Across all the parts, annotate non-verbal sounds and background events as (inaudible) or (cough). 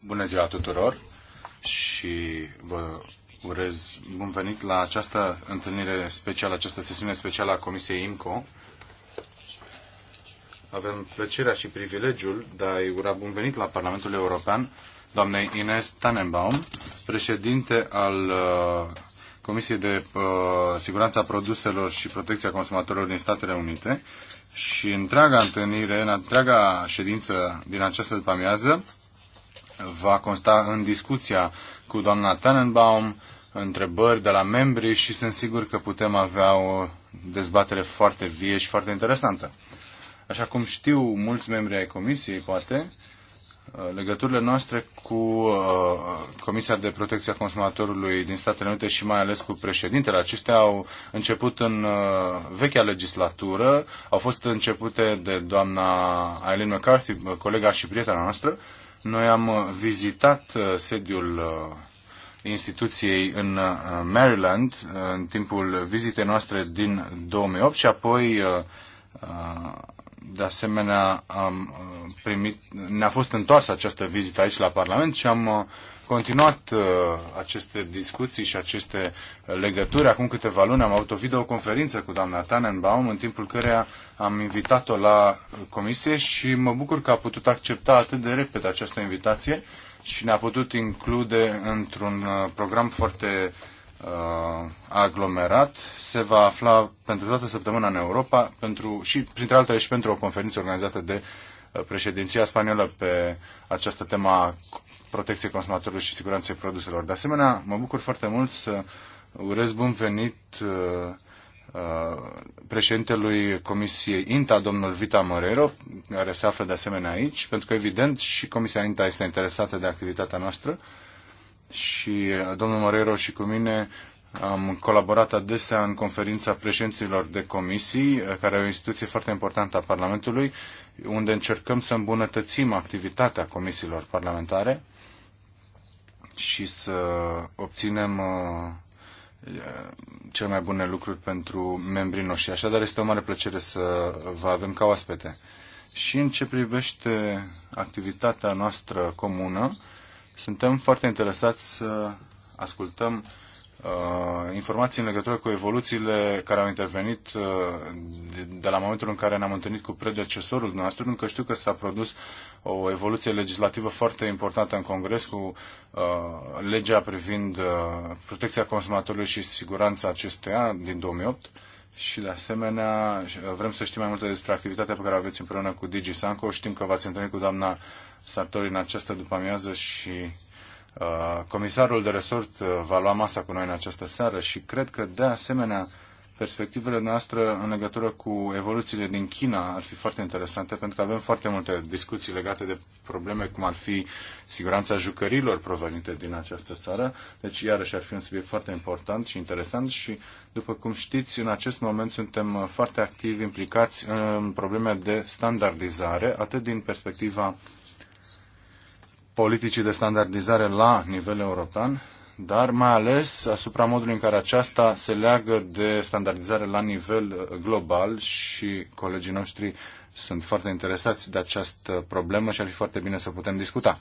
Bună ziua tuturor și vă urez bun venit la această întâlnire specială, această sesiune specială a Comisiei IMCO. Avem plăcerea și privilegiul de a-i ura bun venit la Parlamentul European doamnei Ines Tannenbaum, președinte al uh, Comisiei de uh, Siguranța Produselor și Protecția Consumatorilor din Statele Unite și întreaga întâlnire, în întreaga ședință din această după-amiază va consta în discuția cu doamna Tannenbaum, întrebări de la membri și sunt sigur că putem avea o dezbatere foarte vie și foarte interesantă. Așa cum știu mulți membri ai comisiei, poate, legăturile noastre cu uh, Comisia de Protecție a Consumatorului din Statele Unite și mai ales cu președintele acestea au început în uh, vechea legislatură, au fost începute de doamna Eileen McCarthy, colega și prietena noastră, noi am uh, vizitat uh, sediul uh, instituției în Maryland în timpul vizitei noastre din 2008 și apoi de asemenea am primit, ne-a fost întoarsă această vizită aici la Parlament și am continuat uh, aceste discuții și aceste legături. Acum câteva luni am avut o videoconferință cu doamna Tannenbaum, în timpul căreia am invitat-o la comisie și mă bucur că a putut accepta atât de repede această invitație și ne-a putut include într-un uh, program foarte uh, aglomerat. Se va afla pentru toată săptămâna în Europa pentru, și, printre altele, și pentru o conferință organizată de uh, președinția spaniolă pe această temă a protecție consumatorului și siguranței produselor. De asemenea, mă bucur foarte mult să urez bun venit uh, uh, președintelui Comisiei INTA, domnul Vita Morero, care se află de asemenea aici, pentru că evident și Comisia INTA este interesată de activitatea noastră și uh, domnul Morero și cu mine am colaborat adesea în conferința președinților de comisii, care e o instituție foarte importantă a Parlamentului, unde încercăm să îmbunătățim activitatea comisiilor parlamentare și să obținem uh, cele mai bune lucruri pentru membrii noștri. Așadar, este o mare plăcere să vă avem ca oaspete. Și în ce privește activitatea noastră comună, suntem foarte interesați să ascultăm Uh, informații în legătură cu evoluțiile care au intervenit uh, de la momentul în care ne-am întâlnit cu predecesorul nostru, pentru că știu că s-a produs o evoluție legislativă foarte importantă în Congres cu uh, legea privind protecția consumatorului și siguranța acesteia din 2008. Și de asemenea, vrem să știm mai multe despre activitatea pe care o aveți împreună cu Digi Sanco. Știm că v-ați întâlnit cu doamna Sartori în această după amiază și Uh, comisarul de resort uh, va lua masa cu noi în această seară și cred că, de asemenea, perspectivele noastre în legătură cu evoluțiile din China ar fi foarte interesante, pentru că avem foarte multe discuții legate de probleme cum ar fi siguranța jucărilor provenite din această țară. Deci, iarăși, ar fi un subiect foarte important și interesant și, după cum știți, în acest moment suntem uh, foarte activi implicați în probleme de standardizare, atât din perspectiva politicii de standardizare la nivel european, dar mai ales asupra modului în care aceasta se leagă de standardizare la nivel uh, global și colegii noștri sunt foarte interesați de această problemă și ar fi foarte bine să putem discuta.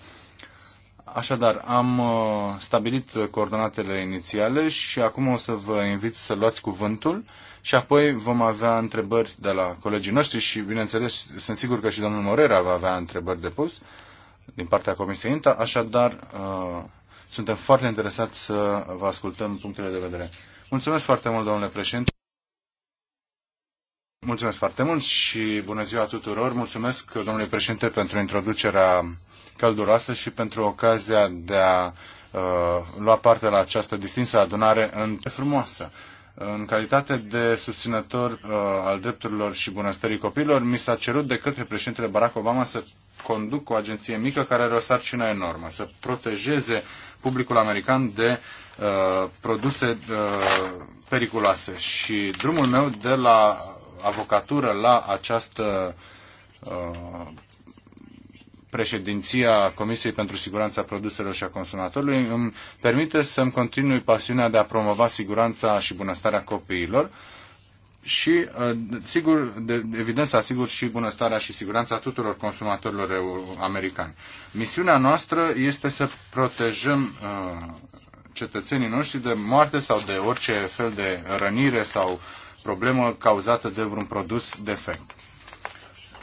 Așadar, am uh, stabilit coordonatele inițiale și acum o să vă invit să luați cuvântul și apoi vom avea întrebări de la colegii noștri și, bineînțeles, sunt sigur că și domnul Morera va avea întrebări de pus din partea Comisiei INTA, așadar uh, suntem foarte interesați să vă ascultăm punctele de vedere. Mulțumesc foarte mult, domnule președinte. Mulțumesc foarte mult și bună ziua tuturor. Mulțumesc, domnule președinte, pentru introducerea călduroasă și pentru ocazia de a uh, lua parte la această distinsă adunare în frumoasă. În calitate de susținător uh, al drepturilor și bunăstării copiilor, mi s-a cerut de către președintele Barack Obama să conduc o agenție mică care are o sarcină enormă, să protejeze publicul american de uh, produse uh, periculoase. Și drumul meu de la avocatură la această uh, președinția Comisiei pentru Siguranța Produselor și a Consumatorului îmi permite să-mi continui pasiunea de a promova siguranța și bunăstarea copiilor și, uh, sigur, de, evident, să asigur și bunăstarea și siguranța tuturor consumatorilor americani. Misiunea noastră este să protejăm uh, cetățenii noștri de moarte sau de orice fel de rănire sau problemă cauzată de vreun produs defect.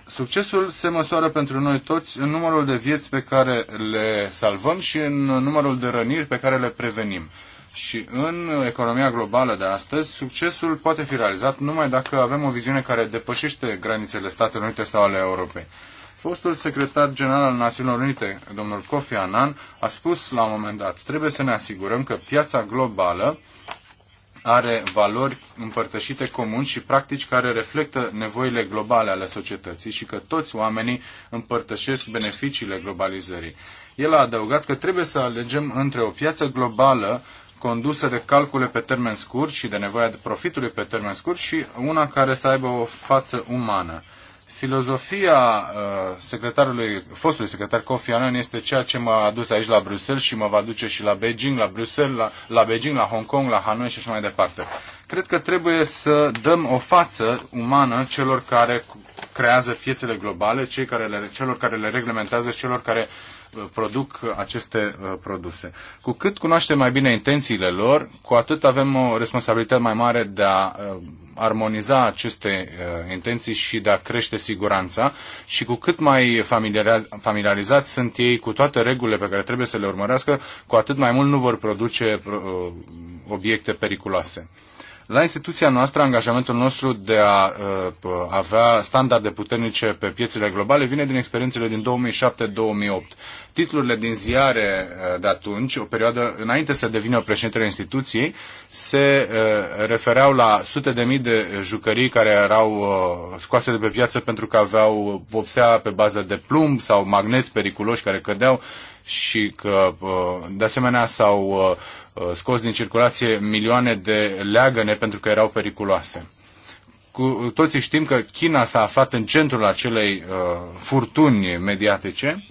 Succesul se măsoară pentru noi toți în numărul de vieți pe care le salvăm și în numărul de răniri pe care le prevenim. Și în economia globală de astăzi, succesul poate fi realizat numai dacă avem o viziune care depășește granițele Statelor Unite sau ale Europei. Fostul secretar general al Națiunilor Unite, domnul Kofi Annan, a spus la un moment dat, trebuie să ne asigurăm că piața globală are valori împărtășite comun și practici care reflectă nevoile globale ale societății și că toți oamenii împărtășesc beneficiile globalizării. El a adăugat că trebuie să alegem între o piață globală condusă de calcule pe termen scurt și de nevoia de profitului pe termen scurt și una care să aibă o față umană. Filozofia uh, secretarului, fostului secretar Kofi Annan este ceea ce m-a adus aici la Bruxelles și mă va duce și la Beijing, la Bruxelles, la, la Beijing, la Hong Kong, la Hanoi și așa mai departe. Cred că trebuie să dăm o față umană celor care creează piețele globale, cei care le, celor care le reglementează, celor care uh, produc aceste uh, produse. Cu cât cunoaștem mai bine intențiile lor, cu atât avem o responsabilitate mai mare de a uh, armoniza aceste uh, intenții și de a crește siguranța și cu cât mai familiarizați sunt ei cu toate regulile pe care trebuie să le urmărească, cu atât mai mult nu vor produce obiecte periculoase la instituția noastră, angajamentul nostru de a uh, avea standarde puternice pe piețele globale vine din experiențele din 2007-2008. Titlurile din ziare uh, de atunci, o perioadă înainte să devină președintele instituției, se uh, refereau la sute de mii de jucării care erau uh, scoase de pe piață pentru că aveau vopsea pe bază de plumb sau magneți periculoși care cădeau și că uh, de asemenea s-au uh, uh, scos din circulație milioane de leagăne pentru că erau periculoase. Cu toții știm că China s-a aflat în centrul acelei furtuni mediatice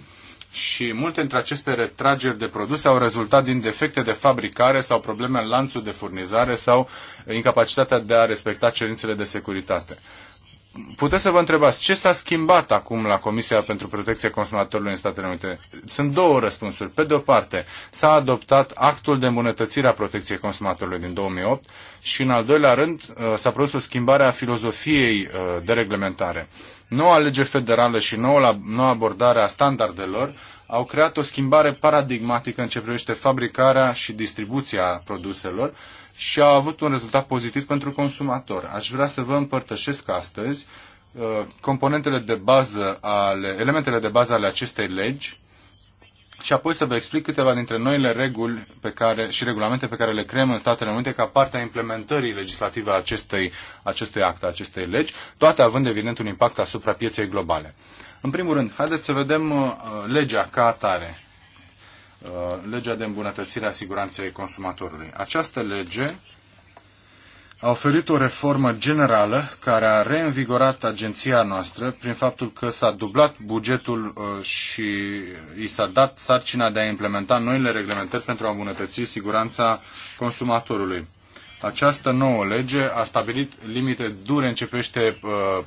și multe dintre aceste retrageri de produse au rezultat din defecte de fabricare sau probleme în lanțul de furnizare sau incapacitatea de a respecta cerințele de securitate puteți să vă întrebați ce s-a schimbat acum la Comisia pentru Protecția Consumatorilor în Statele Unite. Sunt două răspunsuri. Pe de o parte, s-a adoptat actul de îmbunătățire a protecției consumatorilor din 2008 și în al doilea rând uh, s-a produs o schimbare a filozofiei uh, de reglementare. Noua lege federală și noua, noua abordare a standardelor au creat o schimbare paradigmatică în ce privește fabricarea și distribuția produselor, și a avut un rezultat pozitiv pentru consumator. Aș vrea să vă împărtășesc astăzi uh, componentele de bază ale, elementele de bază ale acestei legi și apoi să vă explic câteva dintre noile reguli pe care, și regulamente pe care le creăm în Statele Unite ca parte a implementării legislative a acestei, acestui act, a acestei legi, toate având evident un impact asupra pieței globale. În primul rând, haideți să vedem uh, legea ca atare. Uh, legea de îmbunătățire a siguranței consumatorului. Această lege a oferit o reformă generală care a reînvigorat agenția noastră prin faptul că s-a dublat bugetul uh, și i s-a dat sarcina de a implementa noile reglementări pentru a îmbunătăți siguranța consumatorului. Această nouă lege a stabilit limite dure în ce privește uh,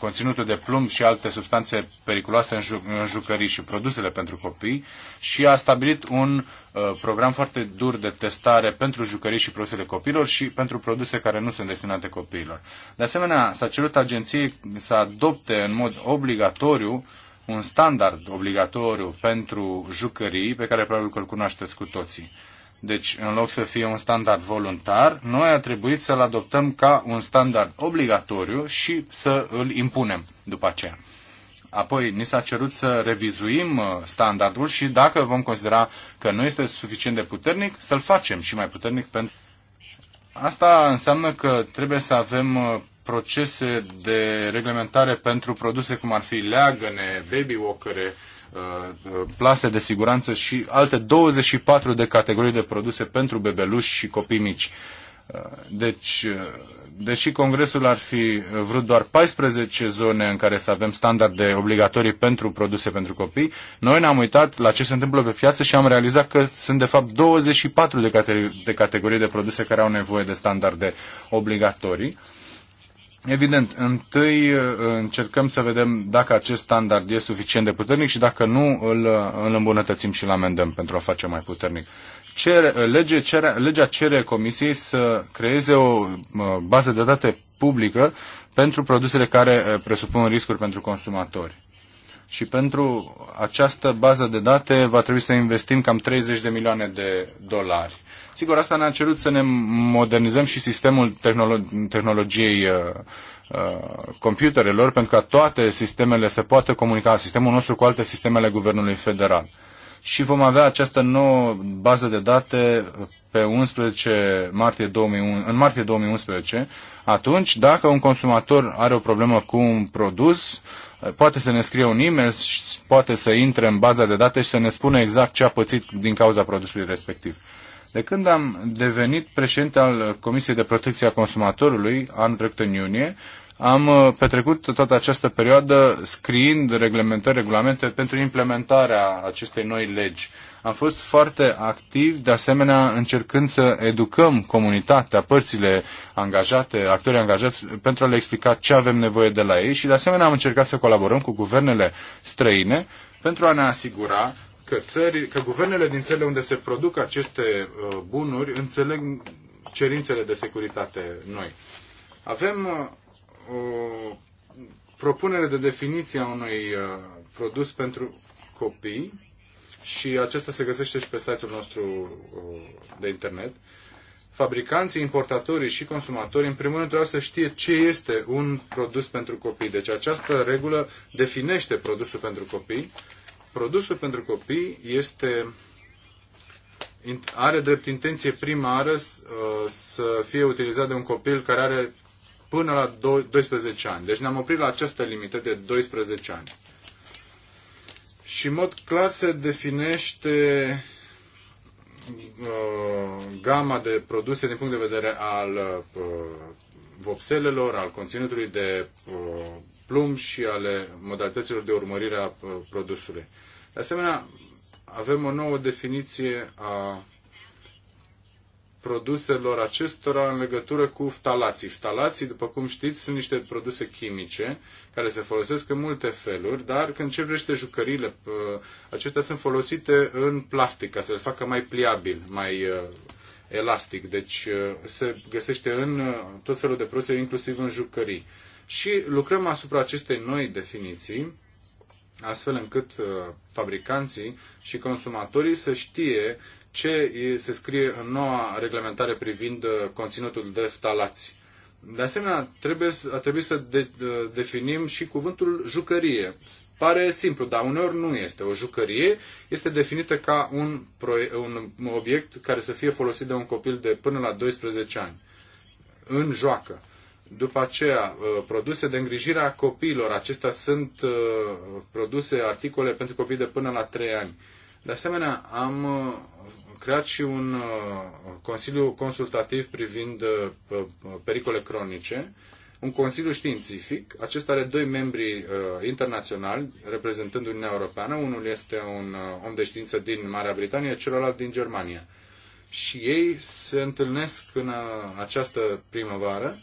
conținutul de plumb și alte substanțe periculoase în, jucării și produsele pentru copii și a stabilit un uh, program foarte dur de testare pentru jucării și produsele copiilor și pentru produse care nu sunt destinate copiilor. De asemenea, s-a cerut agenției să adopte în mod obligatoriu un standard obligatoriu pentru jucării pe care probabil că îl cunoașteți cu toții. Deci, în loc să fie un standard voluntar, noi a trebuit să-l adoptăm ca un standard obligatoriu și să îl impunem după aceea. Apoi, ni s-a cerut să revizuim uh, standardul și dacă vom considera că nu este suficient de puternic, să-l facem și mai puternic pentru. Asta înseamnă că trebuie să avem uh, procese de reglementare pentru produse cum ar fi leagăne, baby walkere, Uh, plase de siguranță și alte 24 de categorii de produse pentru bebeluși și copii mici. Uh, deci, uh, deși Congresul ar fi vrut doar 14 zone în care să avem standarde obligatorii pentru produse pentru copii, noi ne-am uitat la ce se întâmplă pe piață și am realizat că sunt de fapt 24 de, categorii de produse care au nevoie de standarde obligatorii. Uh, Evident, întâi uh, încercăm să vedem dacă acest standard e suficient de puternic și dacă nu, îl, uh, îl îmbunătățim și îl amendăm pentru a face mai puternic. Cere, uh, lege, cere, legea cere Comisiei să creeze o bază de date publică pentru produsele care presupun riscuri pentru consumatori. Și pentru această bază de date va trebui să investim cam 30 de milioane de dolari Sigur, asta ne-a cerut să ne modernizăm și sistemul tehnolo- tehnologiei uh, uh, computerelor pentru ca toate sistemele să poată comunica sistemul nostru cu alte sistemele guvernului federal. Și vom avea această nouă bază de date pe 11 martie 2011, în martie 2011. Atunci, dacă un consumator are o problemă cu un produs, uh, poate să ne scrie un e-mail, poate să intre în baza de date și să ne spună exact ce a pățit din cauza produsului respectiv. De când am devenit președinte al Comisiei de Protecție a Consumatorului, anul trecut în iunie, am uh, petrecut toată această perioadă scriind reglementări, regulamente pentru implementarea acestei noi legi. Am fost foarte activ, de asemenea încercând să educăm comunitatea, părțile angajate, actorii angajați, pentru a le explica ce avem nevoie de la ei și de asemenea am încercat să colaborăm cu guvernele străine pentru a ne asigura că, țări, că guvernele din țările unde se produc aceste uh, bunuri înțeleg cerințele de securitate noi. Avem uh, o propunere de definiție a unui uh, produs pentru copii și acesta se găsește și pe site-ul nostru de internet. Fabricanții, importatorii și consumatorii, în primul rând, trebuie să știe ce este un produs pentru copii. Deci această regulă definește produsul pentru copii produsul pentru copii este are drept intenție primară uh, să fie utilizat de un copil care are până la 12 ani. Deci ne-am oprit la această limită de 12 ani. Și în mod clar se definește uh, gama de produse din punct de vedere al uh, vopselelor, al conținutului de plumb și ale modalităților de urmărire a uh, produsului. De asemenea, avem o nouă definiție a produselor acestora în legătură cu ftalații. Ftalații, după cum știți, sunt niște produse chimice care se folosesc în multe feluri, dar când ce privește jucăriile, uh, acestea sunt folosite în plastic ca să le facă mai pliabil, mai uh, elastic. Deci se găsește în tot felul de produse, inclusiv în jucării și lucrăm asupra acestei noi definiții, astfel încât uh, fabricanții și consumatorii să știe ce se scrie în noua reglementare privind uh, conținutul de ftalați. De asemenea, trebuie, a trebuit să de, de, uh, definim și cuvântul jucărie. Pare simplu, dar uneori nu este. O jucărie este definită ca un, un obiect care să fie folosit de un copil de până la 12 ani în joacă. După aceea, uh, produse de îngrijire a copiilor. Acestea sunt uh, produse, articole pentru copii de până la 3 ani. De asemenea, am uh, creat și un consiliu consultativ privind pericole cronice, un consiliu științific. Acesta are doi membri internaționali reprezentând Uniunea Europeană. Unul este un om de știință din Marea Britanie, celălalt din Germania. Și ei se întâlnesc în această primăvară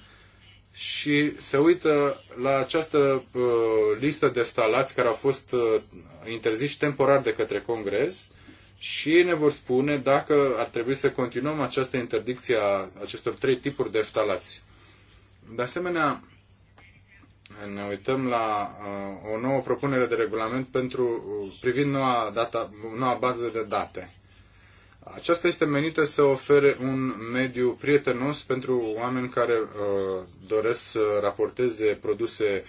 și se uită la această uh, listă de ftalați care au fost uh, interziși temporar de către Congres și ei ne vor spune dacă ar trebui să continuăm această interdicție a acestor trei tipuri de ftalați. De asemenea, ne uităm la uh, o nouă propunere de regulament pentru, uh, privind noua, data, noua bază de date. Aceasta este menită să ofere un mediu prietenos pentru oameni care uh, doresc să raporteze produse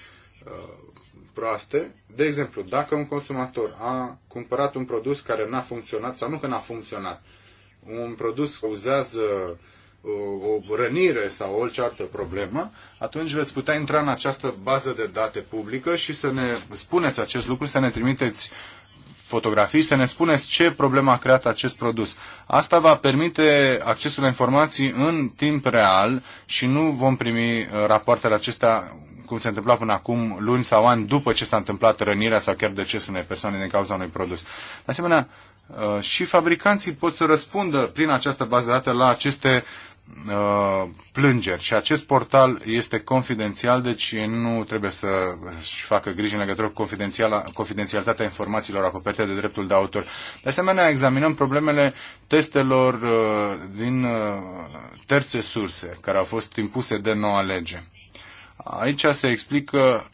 uh, proaste. De exemplu, dacă un consumator a cumpărat un produs care n-a funcționat sau nu că n-a funcționat, un produs cauzează uh, o rănire sau orice altă problemă, atunci veți putea intra în această bază de date publică și să ne spuneți acest lucru, să ne trimiteți fotografii să ne spuneți ce problemă a creat acest produs. Asta va permite accesul la informații în timp real și nu vom primi uh, rapoartele acestea cum se întâmpla până acum luni sau ani după ce s-a întâmplat rănirea sau chiar decesul unei persoane din cauza unui produs. De asemenea, uh, și fabricanții pot să răspundă prin această bază de date la aceste Uh, plângeri și acest portal este confidențial, deci nu trebuie să își facă griji în legătură cu confidențialitatea informațiilor acoperite de dreptul de autor. De asemenea, examinăm problemele testelor uh, din uh, terțe surse care au fost impuse de noua lege. Aici se explică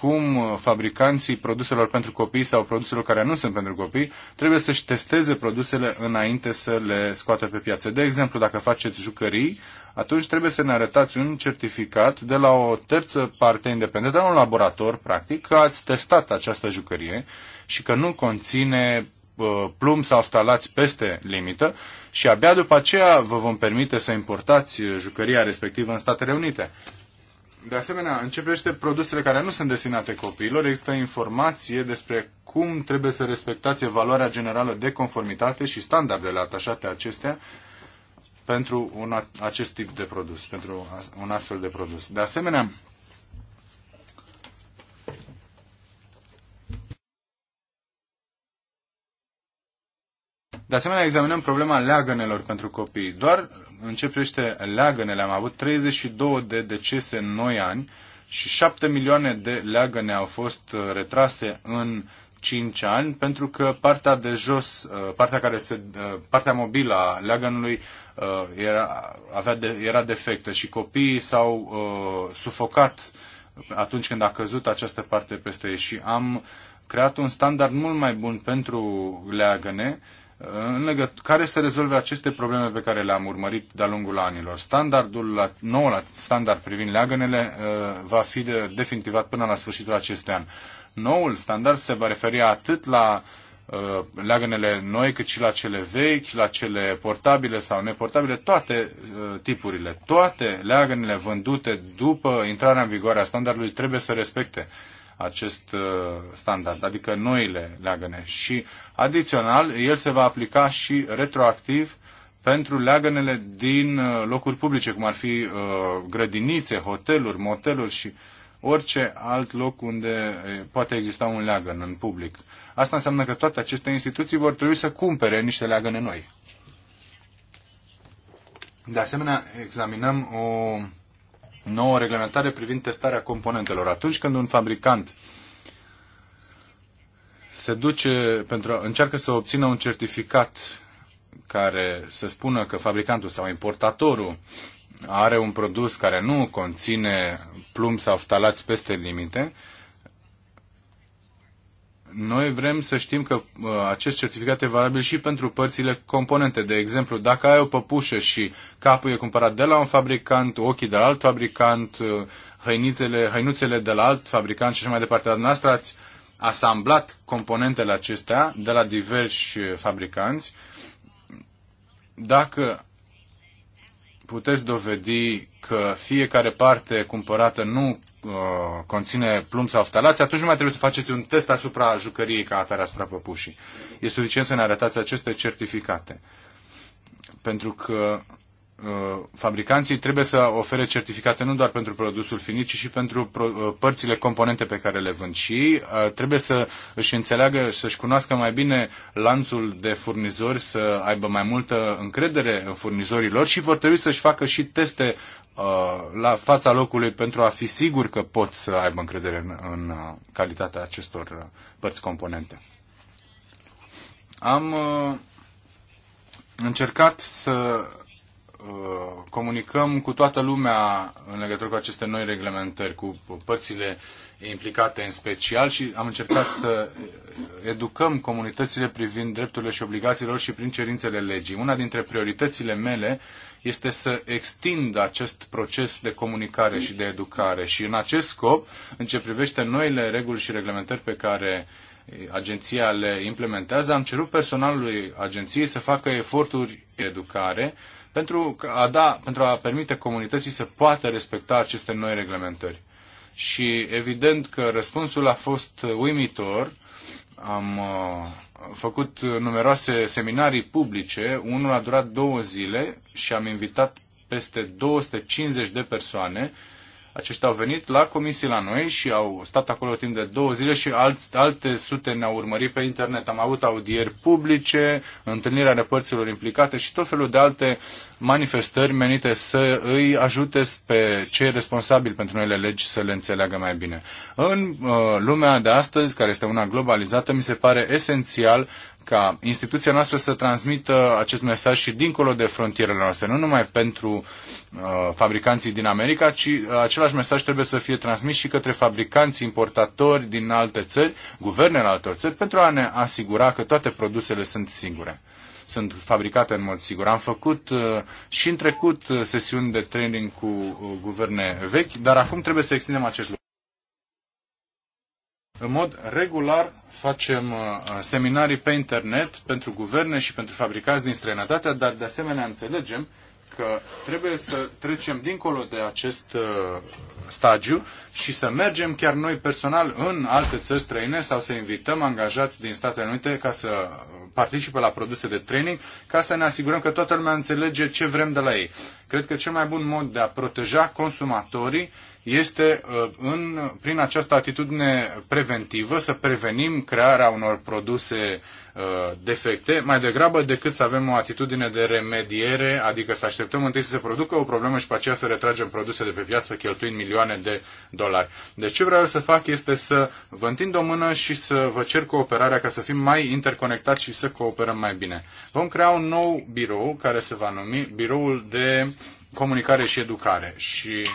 cum uh, fabricanții produselor pentru copii sau produselor care nu sunt pentru copii trebuie să-și testeze produsele înainte să le scoată pe piață. De exemplu, dacă faceți jucării, atunci trebuie să ne arătați un certificat de la o terță parte independentă, la un laborator, practic, că ați testat această jucărie și că nu conține uh, plumb sau stalați peste limită și abia după aceea vă vom permite să importați jucăria respectivă în Statele Unite. De asemenea, în ce privește produsele care nu sunt destinate copiilor, există informație despre cum trebuie să respectați evaluarea generală de conformitate și standardele atașate acestea pentru un, acest tip de produs, pentru un astfel de produs. De asemenea, De asemenea, examinăm problema leagănelor pentru copii. Doar în ce privește leagănele, am avut 32 de decese în noi ani și 7 milioane de leagăne au fost uh, retrase în 5 ani, pentru că partea de jos, uh, partea, care se, uh, partea mobilă a leagănului era, avea de, era defectă și copiii s-au uh, sufocat atunci când a căzut această parte peste ei și am creat un standard mult mai bun pentru leagăne în legăt- care să rezolve aceste probleme pe care le-am urmărit de-a lungul anilor. Standardul la, nou la standard privind leagănele uh, va fi de, definitivat până la sfârșitul acestui an. Noul standard se va referi atât la uh, leagănele noi, cât și la cele vechi, la cele portabile sau neportabile, toate uh, tipurile, toate leagănele vândute după intrarea în vigoare a standardului trebuie să respecte uh, acest uh, standard, adică noile leagăne. Și adițional, el se va aplica și retroactiv pentru leagănele din uh, locuri publice, cum ar fi uh, grădinițe, hoteluri, moteluri și orice alt loc unde poate exista un leagăn în public. Asta înseamnă că toate aceste instituții vor trebui să cumpere niște leagăne noi. De asemenea, examinăm o nouă reglementare privind testarea componentelor. Atunci când un fabricant se duce pentru încearcă să obțină un certificat care să spună că fabricantul sau importatorul are un produs care nu conține plumb sau ftalați peste limite, noi vrem să știm că uh, acest certificat e valabil și pentru părțile componente. De exemplu, dacă ai o păpușă și capul e cumpărat de la un fabricant, ochii de la alt fabricant, uh, hăinițele, hăinuțele de la alt fabricant și așa mai departe, dar noastră ați asamblat componentele acestea de la diversi fabricanți, dacă puteți dovedi că fiecare parte cumpărată nu uh, conține plumb sau ftalați, atunci nu mai trebuie să faceți un test asupra jucăriei ca atare asupra păpușii. E suficient să ne arătați aceste certificate. Pentru că Uh, fabricanții trebuie să ofere certificate nu doar pentru produsul finit, ci și pentru uh, părțile, componente pe care le vând. Și uh, trebuie să își înțeleagă, să-și cunoască mai bine lanțul de furnizori, să aibă mai multă încredere în furnizorii lor și vor trebui să-și facă și teste la fața locului pentru a fi sigur că pot să aibă încredere în, în calitatea acestor părți componente. Am încercat să Uh, comunicăm cu toată lumea în legătură cu aceste noi reglementări, cu părțile implicate în special și am încercat să educăm comunitățile privind drepturile și obligațiile lor și prin cerințele legii. Una dintre prioritățile mele este să extind acest proces de comunicare și de educare și în acest scop, în ce privește noile reguli și reglementări pe care agenția le implementează, am cerut personalului agenției să facă eforturi de educare pentru a, da, pentru a permite comunității să poată respecta aceste noi reglementări. Și evident că răspunsul a fost uimitor. Am uh, făcut numeroase seminarii publice, unul a durat două zile și am invitat peste 250 de persoane aceștia au venit la comisii la noi și au stat acolo timp de două zile și alți, alte sute ne-au urmărit pe internet. Am avut audieri publice, întâlnirea ale părților implicate și tot felul de alte manifestări menite să îi ajute pe cei responsabili pentru noile legi să le înțeleagă mai bine. În uh, lumea de astăzi, care este una globalizată, mi se pare esențial ca instituția noastră să transmită acest mesaj și dincolo de frontierele noastre, nu numai pentru uh, fabricanții din America, ci uh, același mesaj trebuie să fie transmis și către fabricanții importatori din alte țări, guvernele altor țări, pentru a ne asigura că toate produsele sunt singure sunt fabricate în mod sigur. Am făcut uh, și în trecut uh, sesiuni de training cu uh, guverne vechi, dar acum trebuie să extindem acest lucru. În mod regular facem uh, seminarii pe internet pentru guverne și pentru fabricați din străinătate, dar de asemenea înțelegem că trebuie să trecem dincolo de acest uh, stagiu și să mergem chiar noi personal în alte țări străine sau să invităm angajați din Statele Unite ca să participă la produse de training, ca să ne asigurăm că toată lumea înțelege ce vrem de la ei. Cred că cel mai bun mod de a proteja consumatorii este uh, în, prin această atitudine preventivă să prevenim crearea unor produse uh, defecte, mai degrabă decât să avem o atitudine de remediere, adică să așteptăm întâi să se producă o problemă și pe aceea să retragem produse de pe piață cheltuind milioane de dolari. Deci ce vreau să fac este să vă întind o mână și să vă cer cooperarea ca să fim mai interconectați și să să cooperăm mai bine. Vom crea un nou birou care se va numi Biroul de Comunicare și Educare și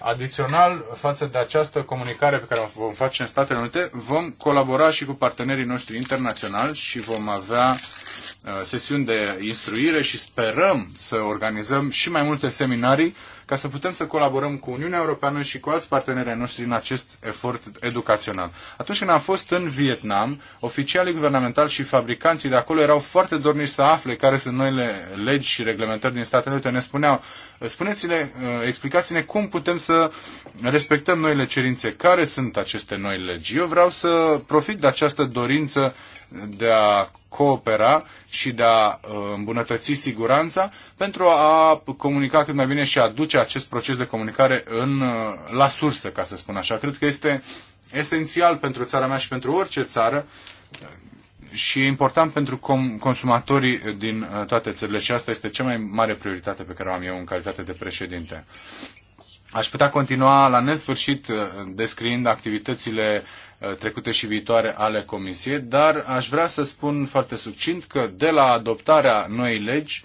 Adițional, față de această comunicare pe care o vom face în Statele Unite, vom colabora și cu partenerii noștri internaționali și vom avea uh, sesiuni de instruire și sperăm să organizăm și mai multe seminarii ca să putem să colaborăm cu Uniunea Europeană și cu alți parteneri ai noștri în acest efort educațional. Atunci când am fost în Vietnam, oficialii guvernamentali și fabricanții de acolo erau foarte dorniți să afle care sunt noile legi și reglementări din Statele Unite. Ne spuneau, Spuneți-ne, uh, explicați-ne cum putem să respectăm noile cerințe, care sunt aceste noi legi. Eu vreau să profit de această dorință de a coopera și de a uh, îmbunătăți siguranța pentru a comunica cât mai bine și a duce acest proces de comunicare în, uh, la sursă, ca să spun așa. Cred că este esențial pentru țara mea și pentru orice țară și e important pentru consumatorii din uh, toate țările și asta este cea mai mare prioritate pe care o am eu în calitate de președinte. Aș putea continua la nesfârșit uh, descriind activitățile uh, trecute și viitoare ale Comisiei, dar aș vrea să spun foarte succint că de la adoptarea noii legi,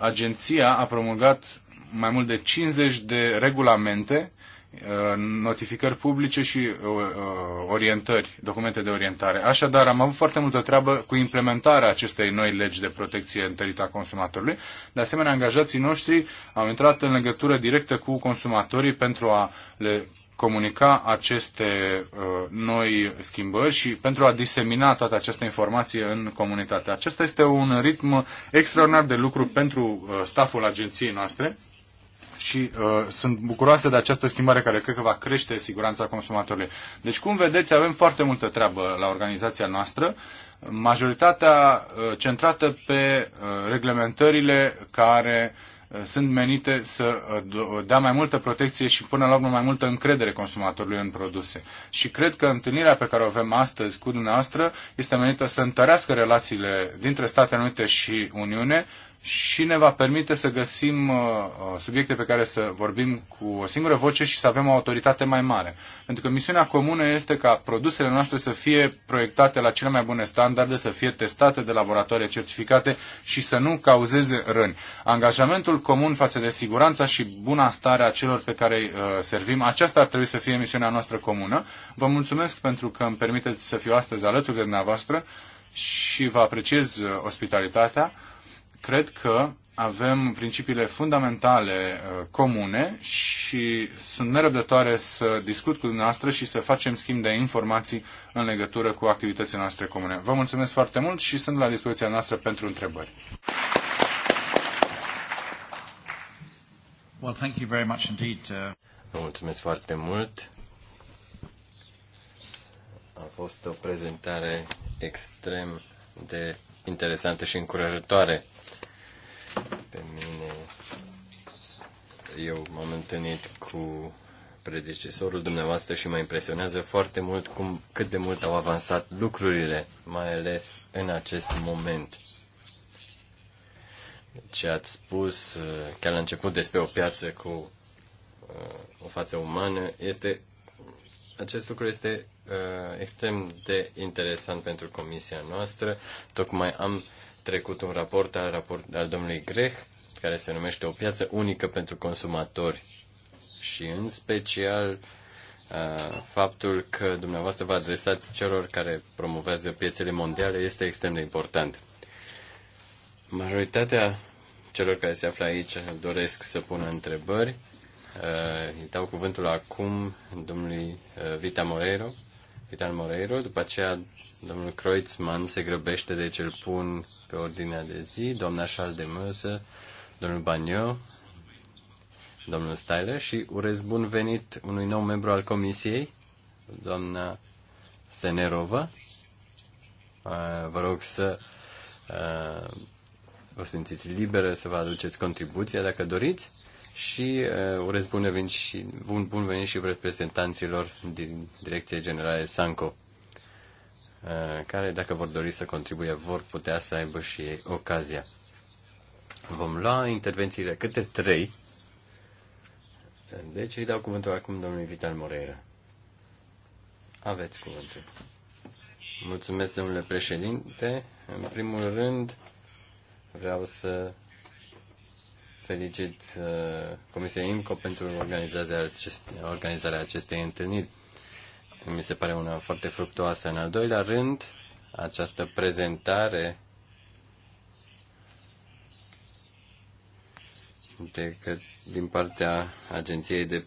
agenția a promulgat mai mult de 50 de regulamente Uh, notificări publice și uh, uh, orientări, documente de orientare. Așadar, am avut foarte multă treabă cu implementarea acestei noi legi de protecție întărită a consumatorului. De asemenea, angajații noștri au intrat în legătură directă cu consumatorii pentru a le comunica aceste uh, noi schimbări și pentru a disemina toată această informație în comunitate. Acesta este un ritm extraordinar de lucru pentru uh, staful agenției noastre și uh, sunt bucuroase de această schimbare care cred că va crește siguranța consumatorului. Deci, cum vedeți, avem foarte multă treabă la organizația noastră, majoritatea uh, centrată pe uh, reglementările care uh, sunt menite să uh, uh, dea mai multă protecție și până la urmă mai multă încredere consumatorului în produse. Și cred că întâlnirea pe care o avem astăzi cu dumneavoastră este menită să întărească relațiile dintre Statele Unite și Uniune, și ne va permite să găsim uh, uh, subiecte pe care să vorbim cu o singură voce și să avem o autoritate mai mare. Pentru că misiunea comună este ca produsele noastre să fie proiectate la cele mai bune standarde, să fie testate de laboratoare certificate și să nu cauzeze răni. Angajamentul comun față de siguranța și buna stare a celor pe care îi uh, servim, aceasta ar trebui să fie misiunea noastră comună. Vă mulțumesc pentru că îmi permiteți să fiu astăzi alături de dumneavoastră și vă apreciez ospitalitatea Cred că avem principiile fundamentale uh, comune și sunt nerăbdătoare să discut cu dumneavoastră și să facem schimb de informații în legătură cu activitățile noastre comune. Vă mulțumesc foarte mult și sunt la dispoziția noastră pentru întrebări. Well, thank you very much indeed. Uh, Vă mulțumesc foarte mult. A fost o prezentare extrem de interesantă și încurajatoare. Pe mine, eu m-am întâlnit cu predecesorul dumneavoastră și mă impresionează foarte mult cum, cât de mult au avansat lucrurile, mai ales în acest moment. Ce ați spus uh, chiar la început despre o piață cu uh, o față umană este acest lucru este uh, extrem de interesant pentru comisia noastră. Tocmai am trecut un raport al, raport al domnului Grech, care se numește O piață unică pentru consumatori și în special uh, faptul că dumneavoastră vă adresați celor care promovează piețele mondiale este extrem de important. Majoritatea celor care se află aici doresc să pună întrebări. Uh, îi dau cuvântul acum domnului uh, Vita Moreiro, Vital Moreiro, după aceea Domnul Kreutzmann se grăbește, deci îl pun pe ordinea de zi. Doamna Schaldemöse, domnul Bagno, domnul Styler și urez bun venit unui nou membru al comisiei, doamna Senerova. Uh, vă rog să uh, vă simțiți liberă să vă aduceți contribuția dacă doriți și uh, urez bun venit și bun, bun venit și reprezentanților din Direcția Generală Sanco. Uh, care, dacă vor dori să contribuie, vor putea să aibă și ei ocazia. Vom lua intervențiile câte trei. Deci îi dau cuvântul acum domnului Vital Moreira. Aveți cuvântul. Mulțumesc, domnule președinte. În primul rând, vreau să felicit uh, Comisia IMCO pentru organizarea, acestei, organizarea acestei întâlniri mi se pare una foarte fructuoasă. În al doilea rând, această prezentare de că, din partea Agenției de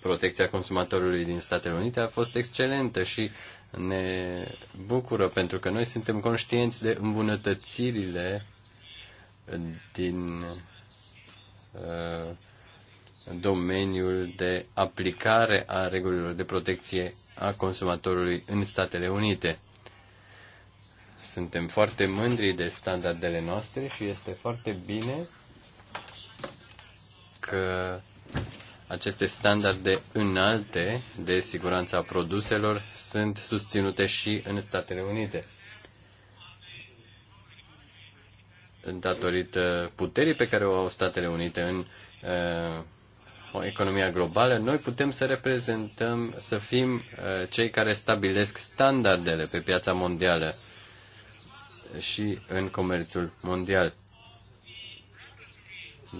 Protecție a Consumatorului din Statele Unite a fost excelentă și ne bucură pentru că noi suntem conștienți de îmbunătățirile din uh, domeniul de aplicare a regulilor de protecție a consumatorului în Statele Unite. Suntem foarte mândri de standardele noastre și este foarte bine că aceste standarde înalte de siguranță a produselor sunt susținute și în Statele Unite. Datorită puterii pe care o au Statele Unite în uh, economia globală, noi putem să reprezentăm, să fim uh, cei care stabilesc standardele pe piața mondială și în comerțul mondial.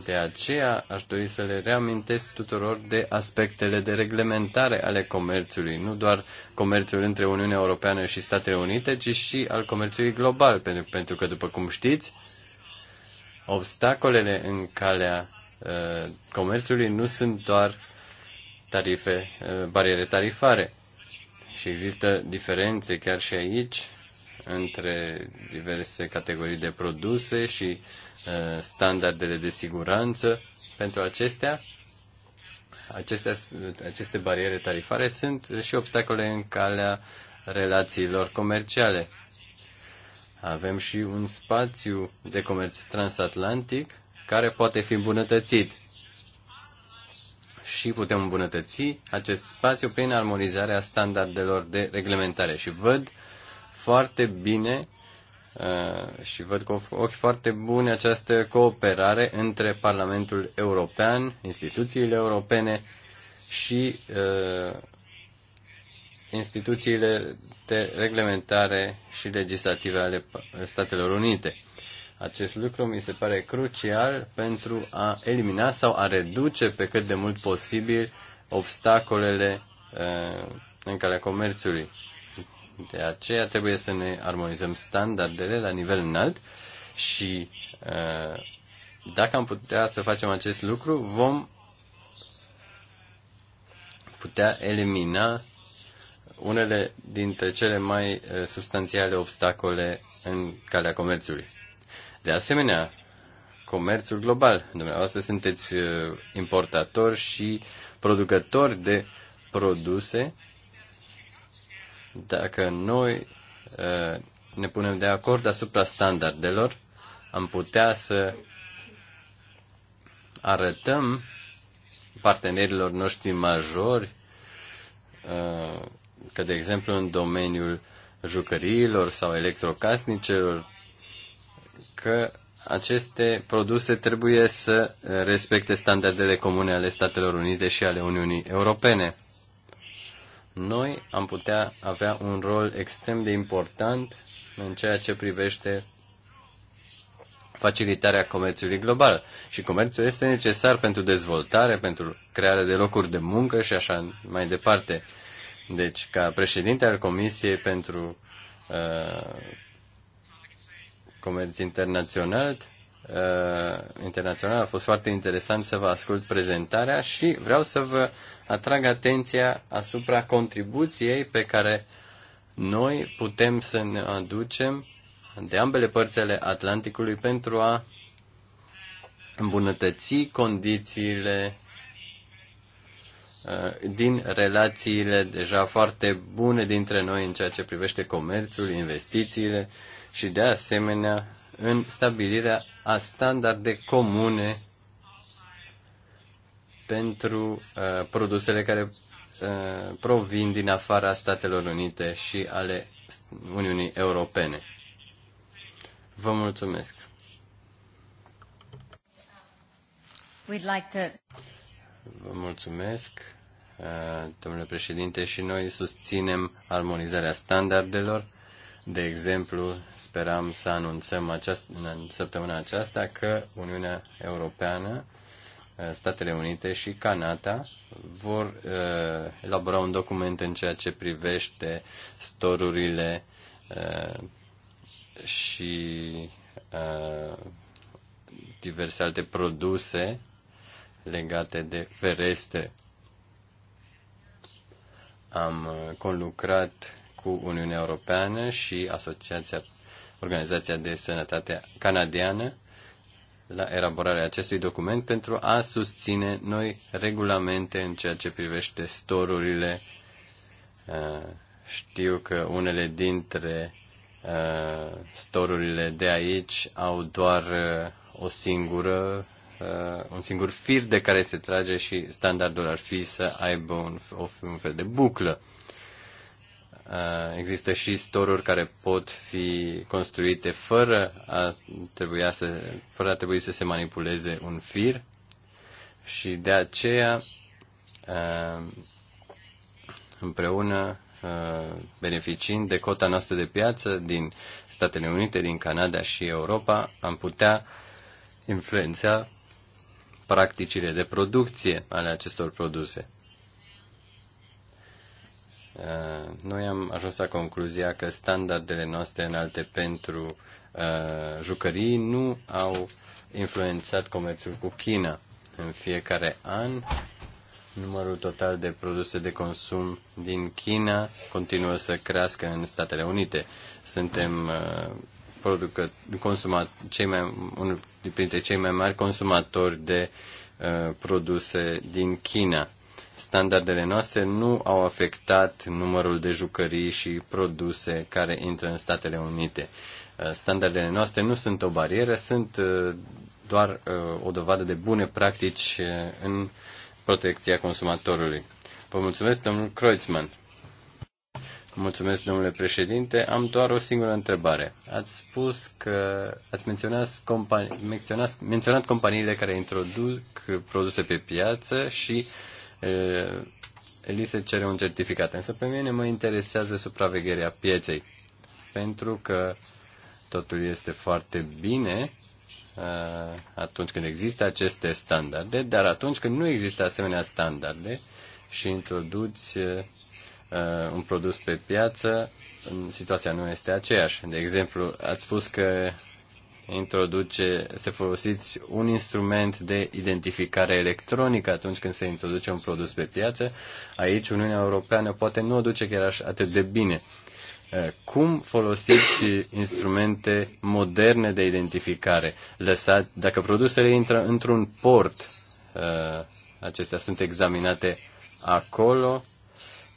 De aceea aș dori să le reamintesc tuturor de aspectele de reglementare ale comerțului, nu doar comerțul între Uniunea Europeană și Statele Unite, ci și al comerțului global, pentru că, după cum știți, obstacolele în calea Uh, comerțului nu sunt doar tarife, uh, bariere tarifare. Și există diferențe chiar și aici între diverse categorii de produse și uh, standardele de siguranță pentru acestea. Acestea, aceste bariere tarifare sunt și obstacole în calea relațiilor comerciale. Avem și un spațiu de comerț transatlantic care poate fi îmbunătățit. Și putem îmbunătăți acest spațiu prin armonizarea standardelor de reglementare. Și văd foarte bine uh, și văd cu ochi foarte buni această cooperare între Parlamentul European, instituțiile europene și uh, instituțiile de reglementare și legislative ale Statelor Unite. Acest lucru mi se pare crucial pentru a elimina sau a reduce pe cât de mult posibil obstacolele uh, în calea comerțului. De aceea trebuie să ne armonizăm standardele la nivel înalt și uh, dacă am putea să facem acest lucru, vom putea elimina unele dintre cele mai uh, substanțiale obstacole în calea comerțului. De asemenea, comerțul global. Dumneavoastră sunteți uh, importatori și producători de produse. Dacă noi uh, ne punem de acord asupra standardelor, am putea să arătăm partenerilor noștri majori uh, că, de exemplu, în domeniul jucăriilor sau electrocasnicelor, că aceste produse trebuie să respecte standardele comune ale Statelor Unite și ale Uniunii Europene. Noi am putea avea un rol extrem de important în ceea ce privește facilitarea comerțului global. Și comerțul este necesar pentru dezvoltare, pentru crearea de locuri de muncă și așa mai departe. Deci, ca președinte al Comisiei pentru uh, Comerț Internațional. Uh, internațional a fost foarte interesant să vă ascult prezentarea și vreau să vă atrag atenția asupra contribuției pe care noi putem să ne aducem de ambele părți ale Atlanticului pentru a îmbunătăți condițiile uh, din relațiile deja foarte bune dintre noi în ceea ce privește comerțul, investițiile și de asemenea în stabilirea a standarde comune pentru uh, produsele care uh, provin din afara Statelor Unite și ale Uniunii Europene. Vă mulțumesc. We'd like to... Vă mulțumesc, uh, domnule președinte, și noi susținem armonizarea standardelor de exemplu, speram să anunțăm aceast, în săptămâna aceasta că Uniunea Europeană, uh, Statele Unite și Canada vor uh, elabora un document în ceea ce privește storurile uh, și uh, diverse alte produse legate de ferestre. Am uh, conlucrat cu Uniunea Europeană și Asociația Organizația de Sănătate Canadiană la elaborarea acestui document pentru a susține noi regulamente în ceea ce privește storurile. Uh, știu că unele dintre uh, storurile de aici au doar uh, o singură, un singur fir de care se trage și standardul ar fi să aibă un, un fel de buclă. Uh, există și storuri care pot fi construite fără a, trebuia să, fără a trebui să se manipuleze un fir și de aceea uh, împreună uh, beneficiind de cota noastră de piață din Statele Unite, din Canada și Europa, am putea influența practicile de producție ale acestor produse. Uh, noi am ajuns la concluzia că standardele noastre înalte pentru uh, jucării nu au influențat comerțul cu China. În fiecare an, numărul total de produse de consum din China continuă să crească în Statele Unite. Suntem uh, producă, consumat, cei mai, unul dintre cei mai mari consumatori de produse din China standardele noastre nu au afectat numărul de jucării și produse care intră în Statele Unite. Uh, standardele noastre nu sunt o barieră, sunt uh, doar uh, o dovadă de bune practici în protecția consumatorului. Vă mulțumesc, domnul Kreutzmann. Mulțumesc, domnule președinte. Am doar o singură întrebare. Ați spus că ați menționat, compani, menționat, menționat companiile care introduc produse pe piață și uh, li se cere un certificat. Însă pe mine mă interesează supravegherea pieței, pentru că totul este foarte bine atunci când există aceste standarde, dar atunci când nu există asemenea standarde și introduci un produs pe piață, situația nu este aceeași. De exemplu, ați spus că introduce, să folosiți un instrument de identificare electronică atunci când se introduce un produs pe piață. Aici Uniunea Europeană poate nu o duce chiar așa atât de bine. Eh, cum folosiți instrumente moderne de identificare? Lăsați, dacă produsele intră într-un port, eh, acestea sunt examinate acolo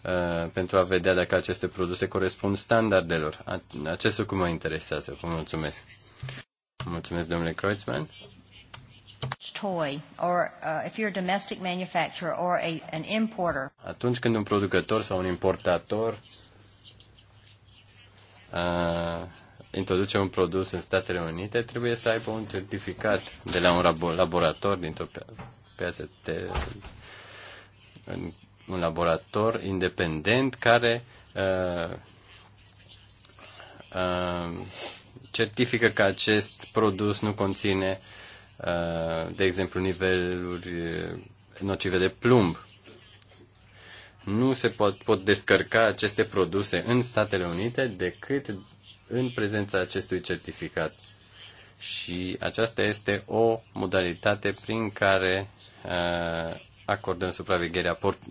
eh, pentru a vedea dacă aceste produse corespund standardelor. Acest lucru mă interesează. Vă mulțumesc. Mulțumesc, domnule Kreutzmann. Toy, or uh, if you're a domestic manufacturer or a, an importer. Atunci când un producător sau un importator uh, introduce un produs în Statele Unite, trebuie să aibă un certificat de la un laborator dintr-o piață de, un laborator independent care uh, uh, certifică că acest produs nu conține, uh, de exemplu, niveluri uh, nocive de plumb. Nu se pot, pot descărca aceste produse în Statele Unite decât în prezența acestui certificat. Și aceasta este o modalitate prin care uh, acordăm supravegherea port-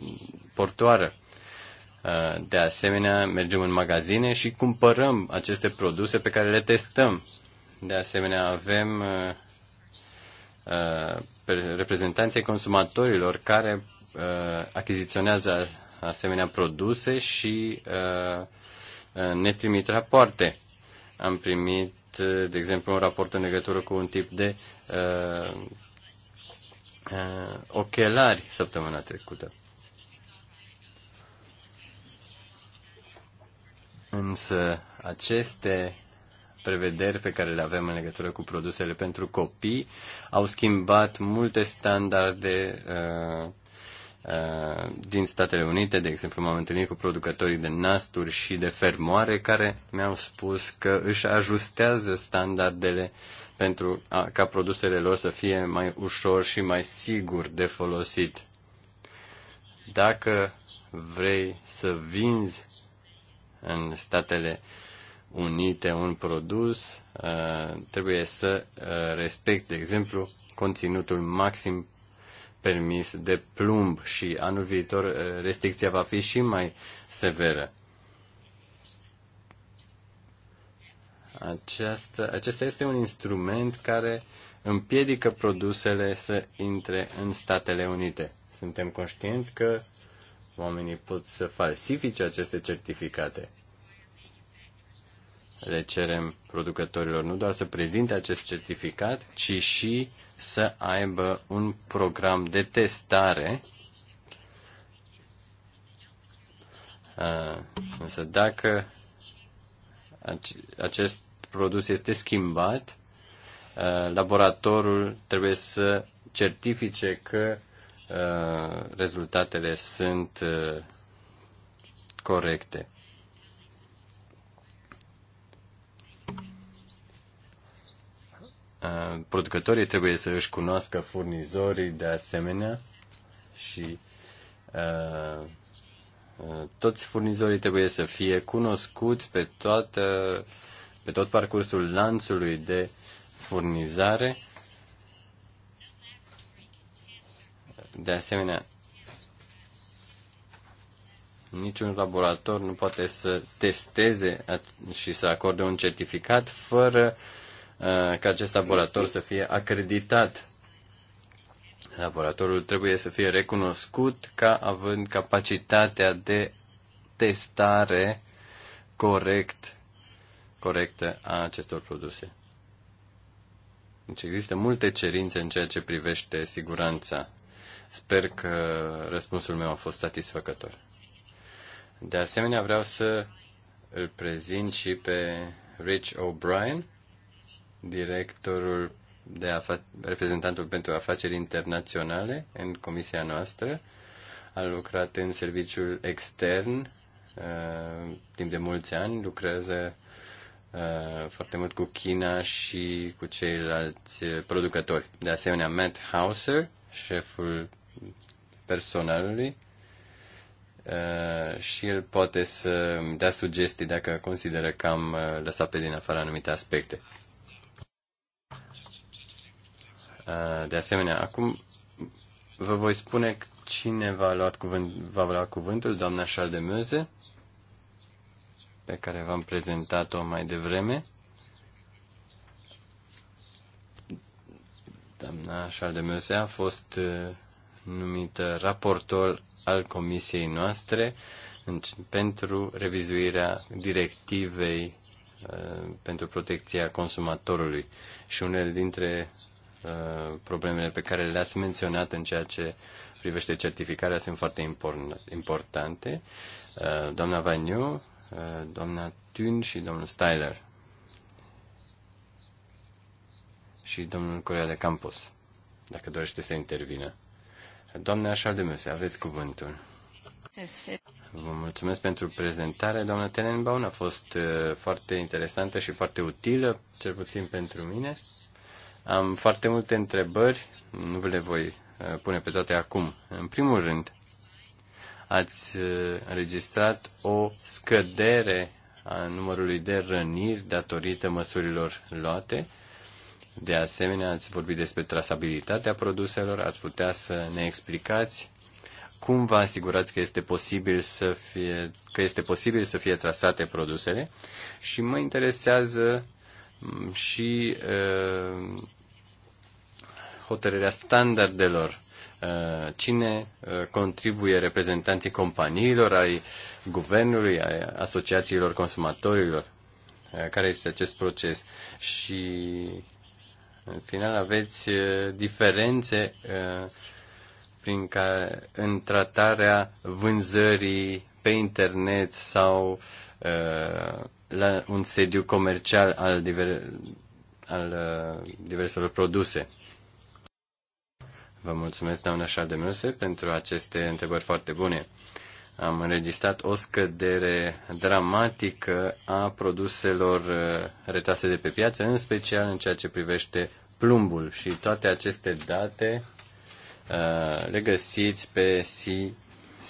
portoară. Uh, de asemenea, mergem în magazine și cumpărăm aceste produse pe care le testăm. De asemenea, avem uh, uh, reprezentanții consumatorilor care achiziționează asemenea produse și ne trimit rapoarte. Am primit, de exemplu, un raport în legătură cu un tip de ochelari săptămâna trecută. Însă aceste prevederi pe care le avem în legătură cu produsele pentru copii au schimbat multe standarde uh, uh, din Statele Unite. De exemplu, m-am întâlnit cu producătorii de nasturi și de fermoare care mi-au spus că își ajustează standardele pentru a, ca produsele lor să fie mai ușor și mai sigur de folosit. Dacă vrei să vinzi în Statele Unite un produs uh, trebuie să uh, respecte, de exemplu, conținutul maxim permis de plumb și anul viitor uh, restricția va fi și mai severă. Aceasta, acesta este un instrument care împiedică produsele să intre în Statele Unite. Suntem conștienți că uh, oamenii pot să falsifice aceste certificate. Le cerem producătorilor nu doar să prezinte acest certificat, ci și să aibă un program de testare. Însă dacă acest produs este schimbat, laboratorul trebuie să certifice că Uh, rezultatele sunt uh, corecte. Uh, producătorii trebuie să își cunoască furnizorii de asemenea și toți furnizorii trebuie să fie cunoscuți pe, toată, pe tot parcursul lanțului de furnizare De asemenea, niciun laborator nu poate să testeze și să acorde un certificat fără uh, ca acest laborator să fie acreditat. Laboratorul trebuie să fie recunoscut ca având capacitatea de testare corect, corectă a acestor produse. Deci există multe cerințe în ceea ce privește siguranța Sper că răspunsul meu a fost satisfăcător. De asemenea, vreau să îl prezint și pe Rich O'Brien, directorul de afa- reprezentantul pentru afaceri internaționale în comisia noastră. A lucrat în serviciul extern uh, timp de mulți ani, lucrează uh, foarte mult cu China și cu ceilalți uh, producători. De asemenea, Matt Hauser, șeful personalului uh, și el poate să dea sugestii dacă consideră că am uh, lăsat pe din afară anumite aspecte. Uh, de asemenea, acum vă voi spune cine va lua, cuvânt, va lua cuvântul, doamna Charles de Meuse, pe care v-am prezentat-o mai devreme. Doamna Charles de Meuse a fost numită raportor al comisiei noastre deci, pentru revizuirea directivei uh, pentru protecția consumatorului și unele dintre uh, problemele pe care le-ați menționat în ceea ce privește certificarea sunt foarte importante. Uh, doamna Vaniu, doamna Thun și domnul Styler și domnul Corea de Campos, dacă dorește să intervină de mese, aveți cuvântul. Vă mulțumesc pentru prezentare, doamna Tenenbaum. A fost uh, foarte interesantă și foarte utilă, cel puțin pentru mine. Am foarte multe întrebări, nu vă le voi uh, pune pe toate acum. În primul rând, ați uh, înregistrat o scădere a numărului de răniri datorită măsurilor luate de asemenea, ați vorbit despre trasabilitatea produselor, ați putea să ne explicați cum vă asigurați că este posibil să fie, că este posibil să fie trasate produsele și mă interesează mm, și uh, hotărârea standardelor. Uh, cine uh, contribuie reprezentanții companiilor, ai guvernului, ai asociațiilor consumatorilor? Uh, care este acest proces? Și în final aveți diferențe prin care, în tratarea vânzării pe internet sau la un sediu comercial al, diver, al diverselor produse. Vă mulțumesc, doamna Șaldemuse, pentru aceste întrebări foarte bune am înregistrat o scădere dramatică a produselor uh, retase de pe piață, în special în ceea ce privește plumbul. Și toate aceste date uh, le găsiți pe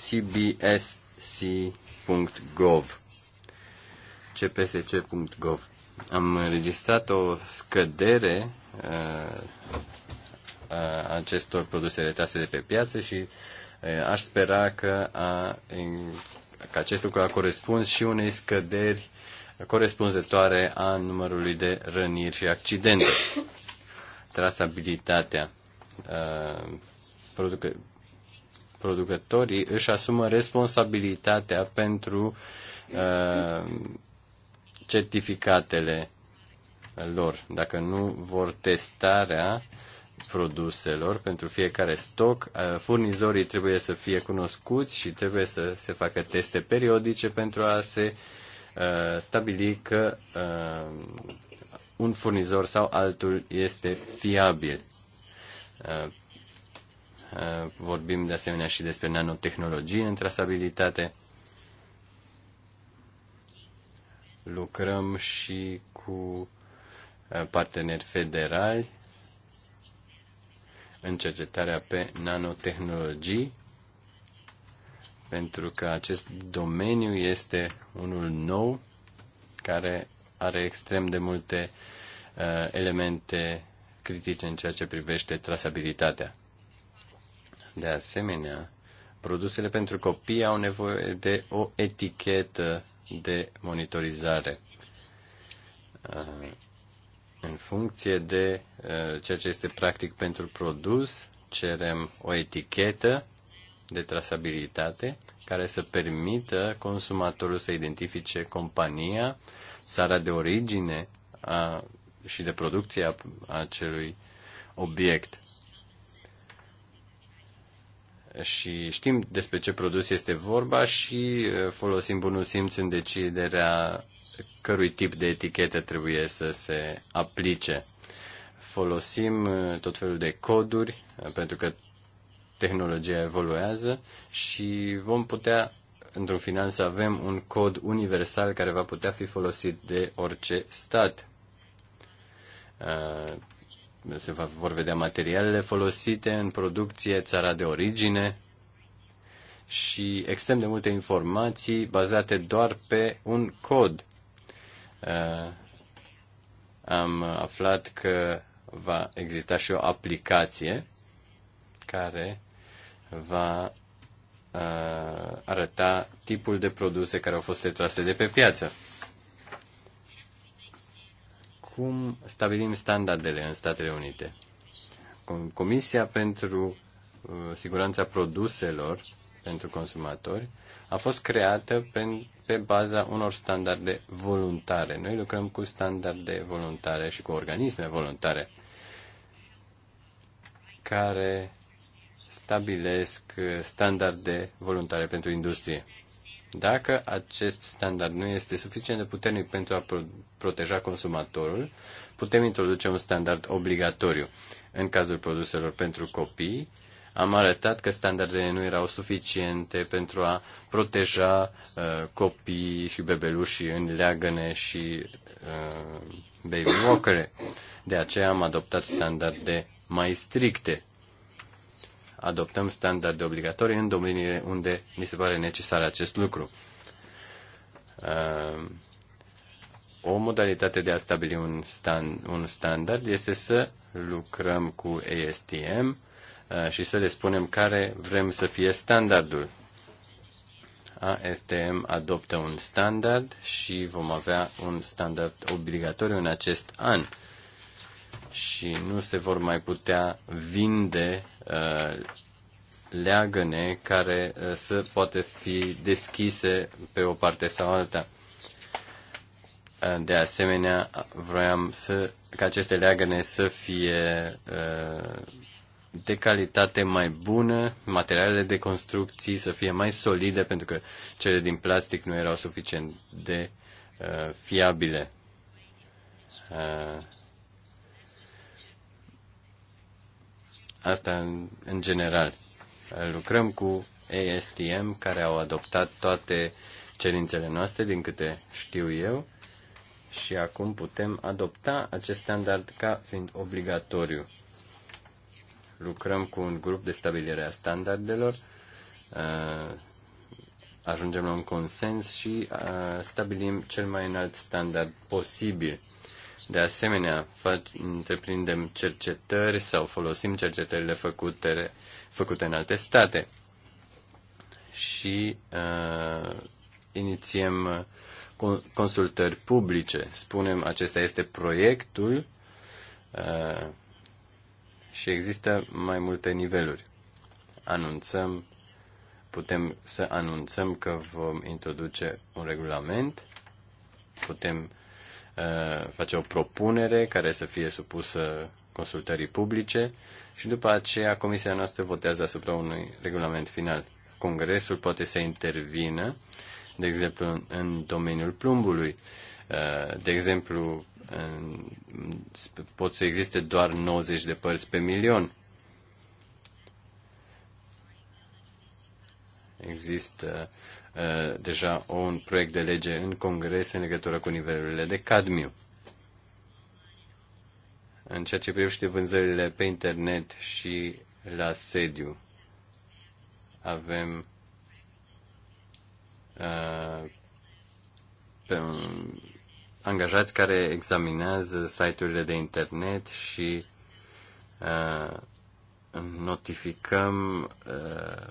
cbsc.gov. cpsc.gov. Am înregistrat o scădere uh, a acestor produse retase de pe piață și uh, Aș spera că, a, că acest lucru a corespuns și unei scăderi corespunzătoare a numărului de răniri și accidente. Trasabilitatea. Producă, producătorii își asumă responsabilitatea pentru uh, certificatele lor. Dacă nu vor testarea, produselor pentru fiecare stoc. Uh, furnizorii trebuie să fie cunoscuți și trebuie să se facă teste periodice pentru a se uh, stabili că uh, un furnizor sau altul este fiabil. Vorbim de asemenea și despre nanotehnologie în trasabilitate. Lucrăm și cu parteneri federali în cercetarea pe nanotehnologii, pentru că acest domeniu este unul nou care are extrem de multe uh, elemente critice în ceea ce privește trasabilitatea. De asemenea, produsele pentru copii au nevoie de o etichetă de monitorizare. Uh, în funcție de uh, ceea ce este practic pentru produs, cerem o etichetă de trasabilitate care să permită consumatorul să identifice compania, țara de origine a, și de producție a, acelui obiect. Și știm despre ce produs este vorba și uh, folosim bunul simț în deciderea cărui tip de etichete trebuie să se aplice. Folosim uh, tot felul de coduri, uh, pentru că tehnologia evoluează și vom putea, într-un final, să avem un cod universal care va putea fi folosit de orice stat. Uh, se vor vedea materialele folosite în producție, țara de origine, și extrem de multe informații bazate doar pe un cod. Uh, am aflat că va exista și o aplicație care va uh, arăta tipul de produse care au fost retrase de pe piață. Cum stabilim standardele în Statele Unite? Comisia pentru uh, Siguranța Produselor pentru Consumatori a fost creată pe, pe baza unor standarde voluntare. Noi lucrăm cu standarde voluntare și cu organisme voluntare care stabilesc standarde voluntare pentru industrie. Dacă acest standard nu este suficient de puternic pentru a proteja consumatorul, putem introduce un standard obligatoriu. În cazul produselor pentru copii, am arătat că standardele nu erau suficiente pentru a proteja uh, copii și bebeluși în leagăne și uh, baby walker. De aceea am adoptat standarde mai stricte. Adoptăm standarde obligatorii în domeniile unde mi se pare necesar acest lucru. Uh, o modalitate de a stabili un, stand, un standard este să lucrăm cu ASTM, Uh, și să le spunem care vrem să fie standardul. AFTM adoptă un standard și vom avea un standard obligatoriu în acest an. Și nu se vor mai putea vinde uh, leagăne care uh, să poate fi deschise pe o parte sau alta. Uh, de asemenea, vroiam să, ca aceste leagăne să fie uh, de calitate mai bună, materialele de construcții să fie mai solide, pentru că cele din plastic nu erau suficient de uh, fiabile. Uh, asta în, în general. Lucrăm cu ASTM, care au adoptat toate cerințele noastre, din câte știu eu, și acum putem adopta acest standard ca fiind obligatoriu lucrăm cu un grup de stabilire a standardelor, uh, ajungem la un consens și uh, stabilim cel mai înalt standard posibil. De asemenea, întreprindem cercetări sau folosim cercetările făcute, făcute în alte state și uh, inițiem uh, consultări publice. Spunem, acesta este proiectul, uh, și există mai multe niveluri. Anunțăm, putem să anunțăm că vom introduce un regulament, putem uh, face o propunere care să fie supusă consultării publice și după aceea comisia noastră votează asupra unui regulament final. Congresul poate să intervină, de exemplu, în, în domeniul plumbului, uh, de exemplu, pot să existe doar 90 de părți pe milion. Există uh, deja un proiect de lege în Congres în legătură cu nivelurile de cadmiu. În ceea ce privește vânzările pe internet și la sediu, avem uh, pe un, angajați care examinează site-urile de internet și uh, notificăm uh,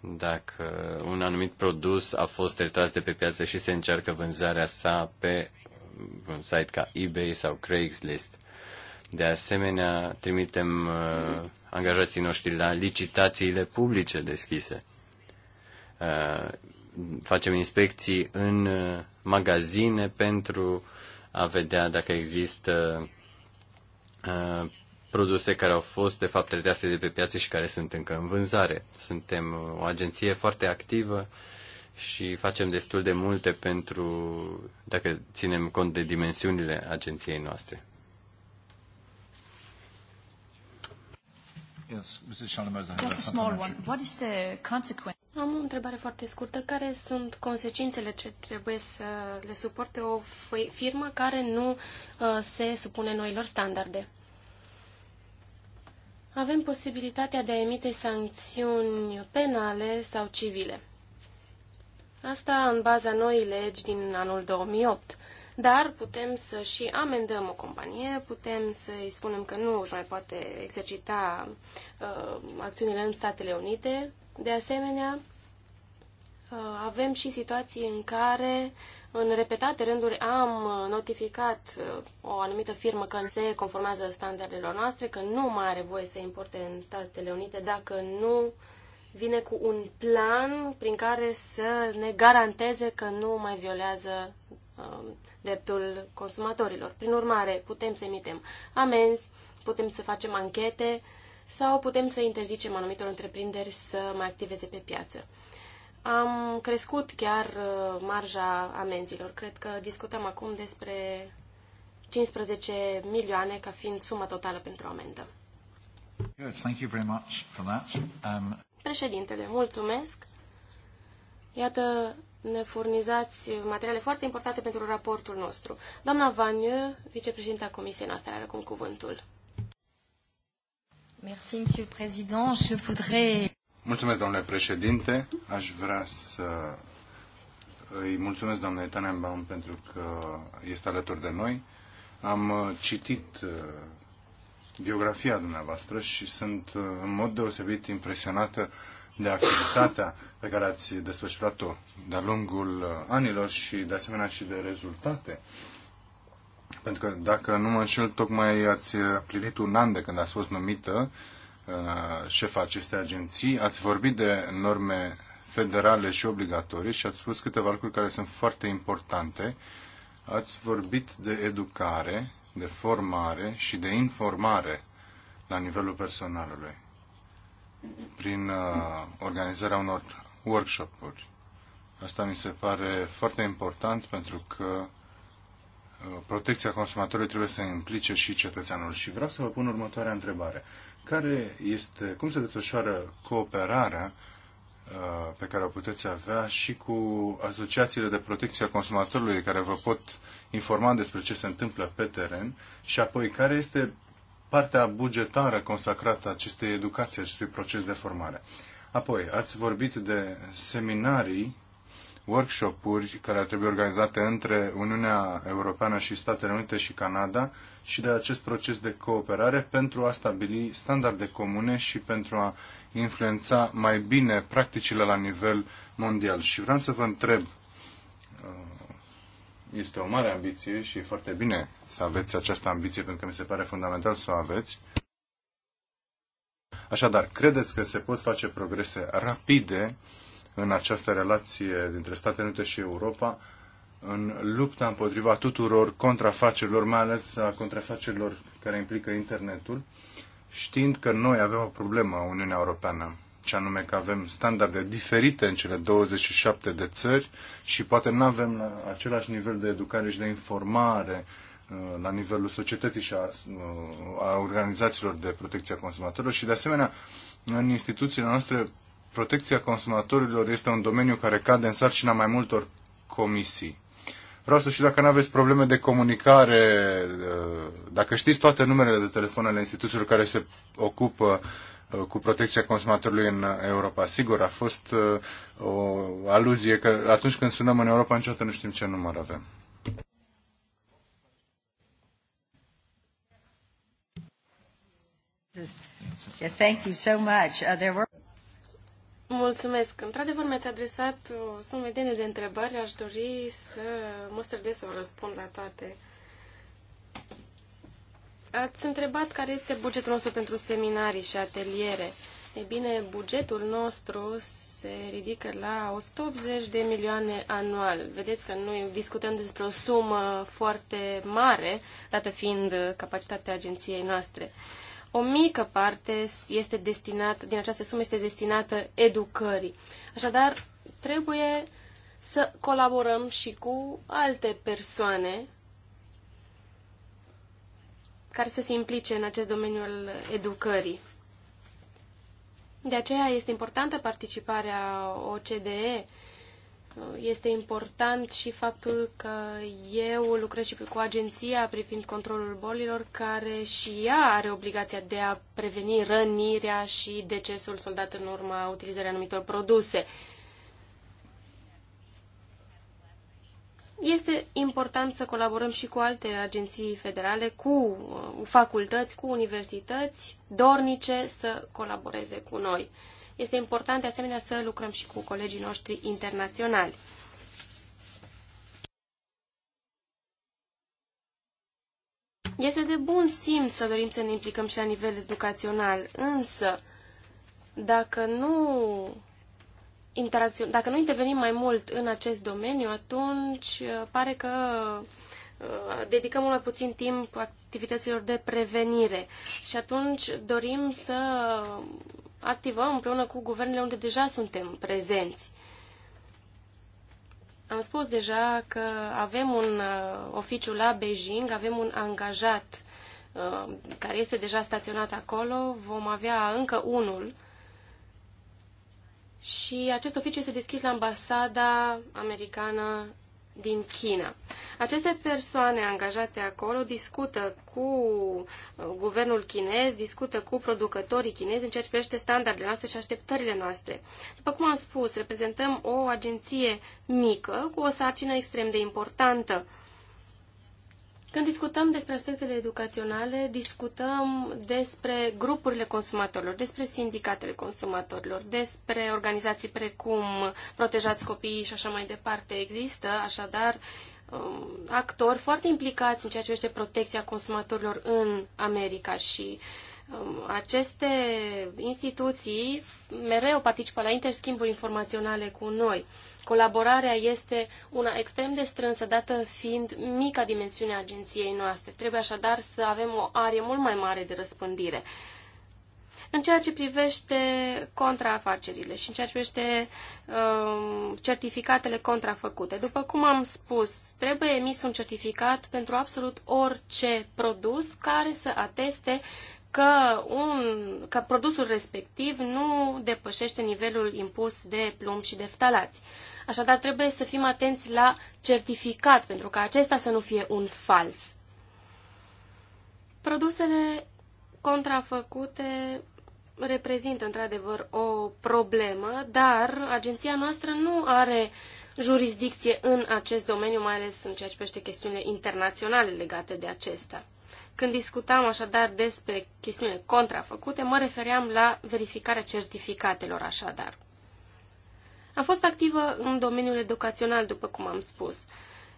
dacă un anumit produs a fost retras de pe piață și se încearcă vânzarea sa pe un site ca eBay sau Craigslist. De asemenea, trimitem uh, angajații noștri la licitațiile publice deschise. Uh, facem inspecții în uh, magazine pentru a vedea dacă există uh, produse care au fost de fapt retrase de pe piață și care sunt încă în vânzare. Suntem uh, o agenție foarte activă și facem destul de multe pentru, dacă ținem cont de dimensiunile agenției noastre. Yes, Mrs. Just a small one. What is the consequence? Am o întrebare foarte scurtă. Care sunt consecințele ce trebuie să le suporte o firmă care nu uh, se supune noilor standarde? Avem posibilitatea de a emite sancțiuni penale sau civile. Asta în baza noii legi din anul 2008 dar putem să și amendăm o companie, putem să-i spunem că nu își mai poate exercita uh, acțiunile în Statele Unite. De asemenea, uh, avem și situații în care în repetate rânduri am notificat uh, o anumită firmă că se conformează standardelor noastre, că nu mai are voie să importe în Statele Unite dacă nu vine cu un plan prin care să ne garanteze că nu mai violează Um, dreptul consumatorilor. Prin urmare, putem să emitem amenzi, putem să facem anchete sau putem să interzicem anumitor întreprinderi să mai activeze pe piață. Am crescut chiar uh, marja amenzilor. Cred că discutăm acum despre 15 milioane ca fiind suma totală pentru amendă. Thank you very much for that. Um... Președintele, mulțumesc. Iată, ne furnizați materiale foarte importante pentru raportul nostru. Doamna Vaniu, vicepreședinta Comisiei noastre, are acum cuvântul. Merci, Monsieur le Président. Je voudrais... Mulțumesc, domnule președinte. Aș vrea să îi mulțumesc, doamnei Tanenbaum pentru că este alături de noi. Am uh, citit uh, biografia dumneavoastră și sunt uh, în mod deosebit impresionată de activitatea pe care ați desfășurat-o de-a lungul uh, anilor și de asemenea și de rezultate. Pentru că dacă nu mă înșel, tocmai ați uh, plinit un an de când ați fost numită uh, șefa acestei agenții, ați vorbit de norme federale și obligatorii și ați spus câteva lucruri care sunt foarte importante. Ați vorbit de educare, de formare și de informare la nivelul personalului prin uh, organizarea unor workshop-uri. Asta mi se pare foarte important pentru că uh, protecția consumatorului trebuie să implice și cetățeanul. Și vreau să vă pun următoarea întrebare. Care este, cum se desfășoară cooperarea uh, pe care o puteți avea și cu asociațiile de protecție a consumatorului care vă pot informa despre ce se întâmplă pe teren și apoi care este partea bugetară consacrată acestei educații, acestui proces de formare. Apoi, ați vorbit de seminarii, workshop-uri care ar trebui organizate între Uniunea Europeană și Statele Unite și Canada și de acest proces de cooperare pentru a stabili standarde comune și pentru a influența mai bine practicile la nivel mondial. Și vreau să vă întreb este o mare ambiție și e foarte bine să aveți această ambiție, pentru că mi se pare fundamental să o aveți. Așadar, credeți că se pot face progrese rapide în această relație dintre Statele Unite și Europa în lupta împotriva tuturor contrafacerilor, mai ales a contrafacerilor care implică internetul, știind că noi avem o problemă, Uniunea Europeană ce anume că avem standarde diferite în cele 27 de țări și poate nu avem același nivel de educare și de informare uh, la nivelul societății și a, uh, a organizațiilor de protecție a consumatorilor și, de asemenea, în instituțiile noastre, protecția consumatorilor este un domeniu care cade în sarcina mai multor comisii. Vreau să știu dacă nu aveți probleme de comunicare, uh, dacă știți toate numerele de telefon ale instituțiilor care se ocupă Uh, cu protecția consumatorului în Europa. Sigur, a fost uh, o aluzie că atunci când sunăm în Europa niciodată nu știm ce număr avem. Thank you so much. Uh, there were... Mulțumesc. Într-adevăr, mi-ați adresat o sumedenie de întrebări. Aș dori să mă străduiesc să vă răspund la toate. Ați întrebat care este bugetul nostru pentru seminarii și ateliere. Ei bine, bugetul nostru se ridică la 180 de milioane anual. Vedeți că noi discutăm despre o sumă foarte mare, dată fiind capacitatea agenției noastre. O mică parte este destinată, din această sumă este destinată educării. Așadar, trebuie să colaborăm și cu alte persoane care să se implice în acest domeniu al educării. De aceea este importantă participarea OCDE, este important și faptul că eu lucrez și cu agenția privind controlul bolilor, care și ea are obligația de a preveni rănirea și decesul soldat în urma utilizării anumitor produse. Este important să colaborăm și cu alte agenții federale, cu uh, facultăți, cu universități dornice să colaboreze cu noi. Este important de asemenea să lucrăm și cu colegii noștri internaționali. Este de bun simț să dorim să ne implicăm și la nivel educațional, însă dacă nu interacțiune. Dacă nu intervenim mai mult în acest domeniu, atunci uh, pare că uh, dedicăm mai puțin timp activităților de prevenire și atunci dorim să activăm împreună cu guvernele unde deja suntem prezenți. Am spus deja că avem un uh, oficiu la Beijing, avem un angajat care este deja staționat acolo, vom avea încă unul și acest oficiu este deschis la ambasada americană din China. Aceste persoane angajate acolo discută cu uh, guvernul chinez, discută cu producătorii chinezi în ceea ce privește standardele noastre și așteptările noastre. După cum am spus, reprezentăm o agenție mică cu o sarcină extrem de importantă. Când discutăm despre aspectele educaționale, discutăm despre grupurile consumatorilor, despre sindicatele consumatorilor, despre organizații precum Protejați Copiii și așa mai departe. Există, așadar, um, actori foarte implicați în ceea ce privește protecția consumatorilor în America și uh, Um, aceste instituții mereu participă la interschimburi informaționale cu noi. Colaborarea este una extrem de strânsă, dată fiind mica dimensiunea agenției noastre. Trebuie așadar să avem o arie mult mai mare de răspândire. În ceea ce privește contraafacerile și în ceea ce privește um, certificatele contrafăcute, după cum am spus, trebuie emis un certificat pentru absolut orice produs care să ateste că, un, că produsul respectiv nu depășește nivelul impus de plumb și de ftalați. Așadar, trebuie să fim atenți la certificat, pentru ca acesta să nu fie un fals. Produsele contrafăcute reprezintă într-adevăr o problemă, dar agenția noastră nu are jurisdicție în acest domeniu, mai ales în ceea ce privește chestiunile internaționale legate de acesta. Când discutam așadar despre chestiune contrafăcute, mă refeream la verificarea certificatelor așadar. Am fost activă în domeniul educațional, după cum am spus,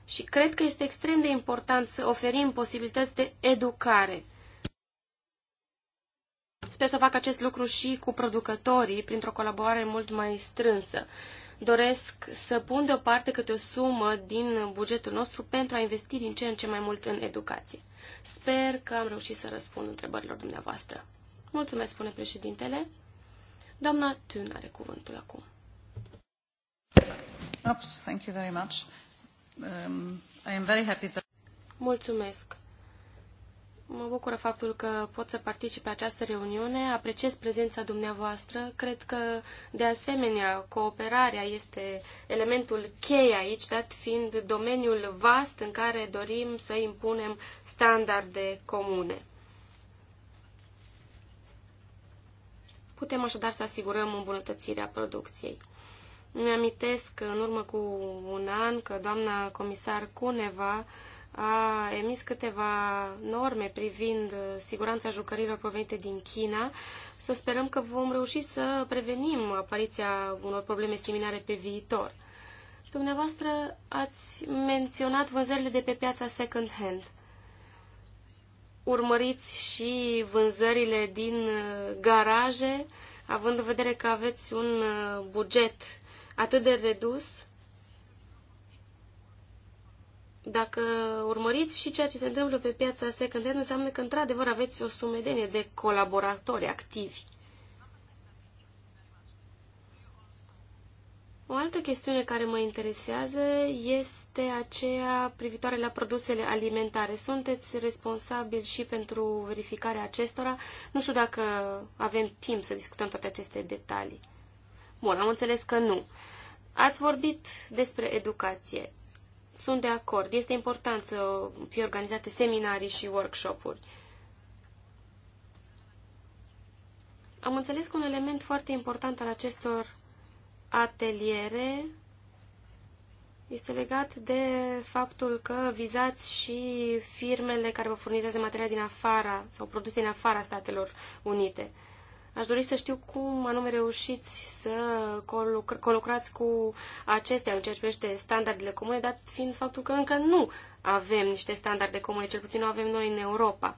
și cred că este extrem de important să oferim posibilități de educare. Sper să fac acest lucru și cu producătorii, printr-o colaborare mult mai strânsă doresc să pun deoparte câte o sumă din bugetul nostru pentru a investi din ce în ce mai mult în educație. Sper că am reușit să răspund întrebărilor dumneavoastră. Mulțumesc, spune președintele. Doamna Thun are cuvântul acum. Oops, thank you very much. Um, I am very happy that... Mulțumesc. Mă bucură faptul că pot să particip la această reuniune, apreciez prezența dumneavoastră. Cred că, de asemenea, cooperarea este elementul cheie aici, dat fiind domeniul vast în care dorim să impunem standarde comune. Putem așadar să asigurăm îmbunătățirea producției. Îmi amintesc că în urmă cu un an că doamna comisar Cuneva a emis câteva norme privind uh, siguranța jucărilor provenite din China. Să sperăm că vom reuși să prevenim apariția unor probleme similare pe viitor. Dumneavoastră ați menționat vânzările de pe piața second hand. Urmăriți și vânzările din uh, garaje, având în vedere că aveți un uh, buget atât de redus, dacă urmăriți și ceea ce se întâmplă pe piața hand, înseamnă că într-adevăr aveți o sumedenie de colaboratori activi. O altă chestiune care mă interesează este aceea privitoare la produsele alimentare. Sunteți responsabil și pentru verificarea acestora? Nu știu dacă avem timp să discutăm toate aceste detalii. Bun, am înțeles că nu. Ați vorbit despre educație. Sunt de acord. Este important să fie organizate seminarii și workshop-uri. Am înțeles că un element foarte important al acestor ateliere este legat de faptul că vizați și firmele care vă furnizează materiale din afara sau produse din afara Statelor Unite. Aș dori să știu cum anume reușiți să colucr- colucrați cu acestea în ceea ce privește standardele comune, dat fiind faptul că încă nu avem niște standarde comune, cel puțin nu avem noi în Europa.